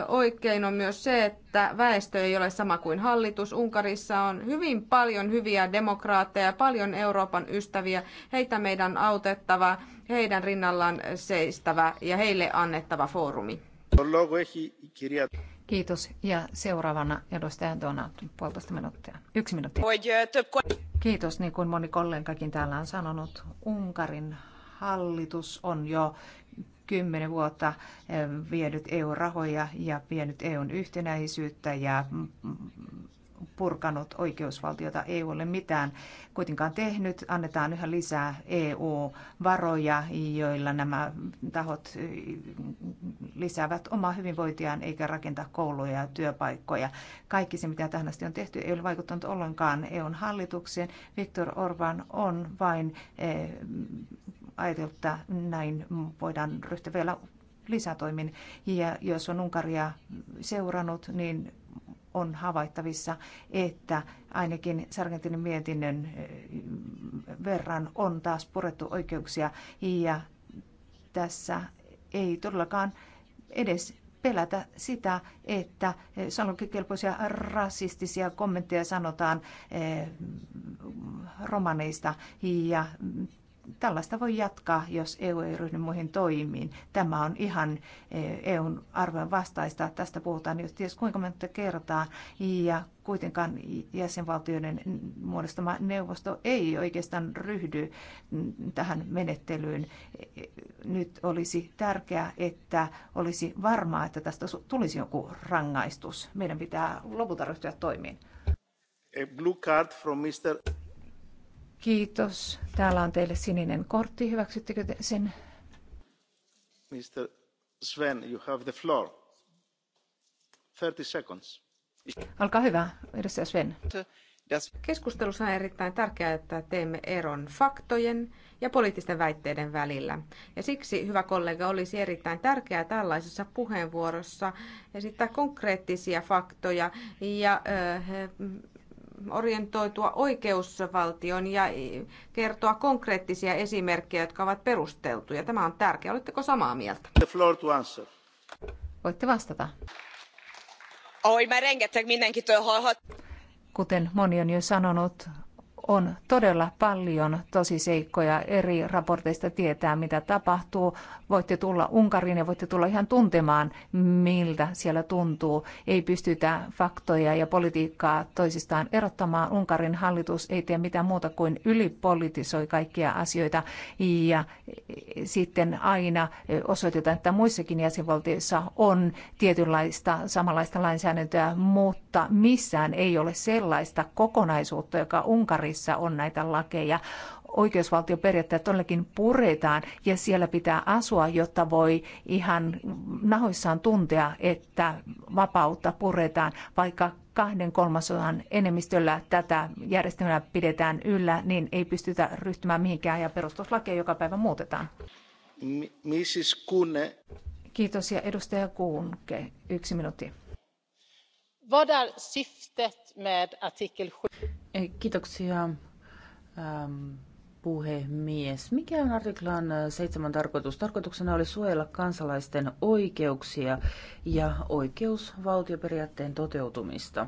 Oikein on myös se, että väestö ei ole sama kuin hallitus. Unkarissa on hyvin paljon hyviä demokraatteja, paljon Euroopan ystäviä. Heitä meidän on autettava, heidän rinnallaan seistävä ja heille annettava foorumi. Kiitos. Ja seuraavana edustaja Donald, puolitoista minuuttia. Yksi minuutti. Kiitos, niin kuin moni kollegakin täällä on sanonut. Unkarin hallitus on jo kymmenen vuotta vienyt EU-rahoja ja vienyt EUn yhtenäisyyttä ja purkanut oikeusvaltiota EUlle mitään kuitenkaan tehnyt. Annetaan yhä lisää EU-varoja, joilla nämä tahot eh, lisäävät omaa hyvinvointiaan eikä rakentaa kouluja ja työpaikkoja. Kaikki se, mitä tähän asti on tehty, ei ole vaikuttanut ollenkaan EUn hallitukseen. Viktor Orban on vain eh, ajatellut, että näin voidaan ryhtyä vielä lisätoimin. Ja jos on Unkaria seurannut, niin on havaittavissa, että ainakin Sargentin mietinnön eh, verran on taas purettu oikeuksia ja tässä ei todellakaan edes pelätä sitä, että salonkikelpoisia rasistisia kommentteja sanotaan eh, romaneista ja Tällaista voi jatkaa, jos EU ei ryhdy muihin toimiin. Tämä on ihan EUn eh, e arvojen vastaista. Tästä puhutaan jo ties kuinka monta kertaa. Ja kuitenkaan jäsenvaltioiden muodostama neuvosto ei oikeastaan ryhdy tähän menettelyyn. Nyt olisi tärkeää, että olisi varmaa, että tästä tulisi joku rangaistus. Meidän pitää lopulta ryhtyä toimiin. A blue card from Mr. Kiitos. Täällä on teille sininen kortti. Hyväksyttekö te sen? Mr. Sven, you have the floor. 30 seconds. Olkaa hyvä, edustaja Sven. Keskustelussa on erittäin tärkeää, että teemme eron faktojen ja poliittisten väitteiden välillä. Ja siksi, hyvä kollega, olisi erittäin tärkeää tällaisessa puheenvuorossa esittää konkreettisia faktoja ja orientoitua oikeusvaltion ja kertoa konkreettisia esimerkkejä, jotka ovat perusteltuja. Tämä on tärkeää. Oletteko samaa mieltä? The floor to answer. Voitte vastata. Oi, mä rengeteg mindenkitől hallhat. Kuten moni on jo sanonut, on todella paljon tosiseikkoja. Eri raporteista tietää, mitä tapahtuu. Voitte tulla Unkariin ja voitte tulla ihan tuntemaan, miltä siellä tuntuu. Ei pystytä faktoja ja politiikkaa toisistaan erottamaan. Unkarin hallitus ei tee mitään muuta kuin ylipolitisoi kaikkia asioita. Ja sitten aina osoitetaan, että muissakin jäsenvaltioissa on tietynlaista samanlaista lainsäädäntöä, mutta missään ei ole sellaista kokonaisuutta, joka Unkari parissa on näitä lakeja. Oikeusvaltioperiaatteet todellakin puretaan ja siellä pitää asua, jotta voi ihan nahoissaan tuntea, että vapautta puretaan, vaikka kahden kolmasosan enemmistöllä tätä järjestelmää pidetään yllä, niin ei pystytä ryhtymään mihinkään ja perustuslakia joka päivä muutetaan. Mrs. Kunne. Kiitos ja edustaja Kuunke, yksi minuutti. Vad är syftet med artikel 7? Kiitoksia ähm, puhemies. Mikä on artiklan 7 äh, tarkoitus? Tarkoituksena oli suojella kansalaisten oikeuksia ja oikeusvaltioperiaatteen toteutumista.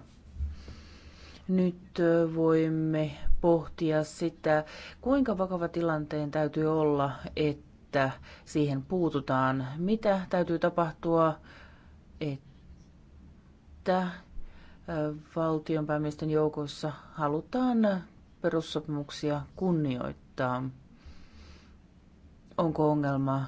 Nyt äh, voimme pohtia sitä, kuinka vakava tilanteen täytyy olla, että siihen puututaan. Mitä täytyy tapahtua, että valtionpäämiesten joukossa halutaan perussopimuksia kunnioittaa. Onko ongelma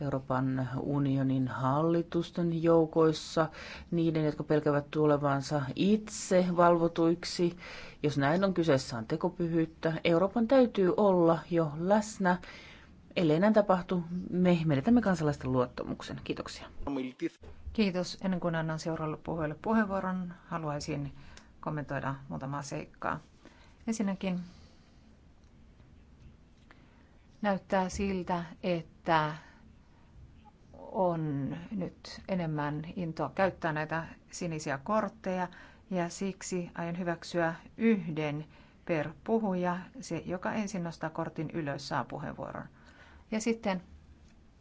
Euroopan unionin hallitusten joukoissa, niiden, jotka pelkävät tulevansa itse valvotuiksi. Jos näin on, kyseessä on tekopyhyyttä. Euroopan täytyy olla jo läsnä. Ellei näin tapahtu, me menetämme kansalaisten luottamuksen. Kiitoksia. Kiitos. Ennen kuin annan seuraavalle puhujalle puheenvuoron, haluaisin kommentoida muutamaa seikkaa. Ensinnäkin näyttää siltä, että on nyt enemmän intoa käyttää näitä sinisiä kortteja ja siksi aion hyväksyä yhden per puhuja. Se, joka ensin nostaa kortin ylös, saa puheenvuoron. Ja sitten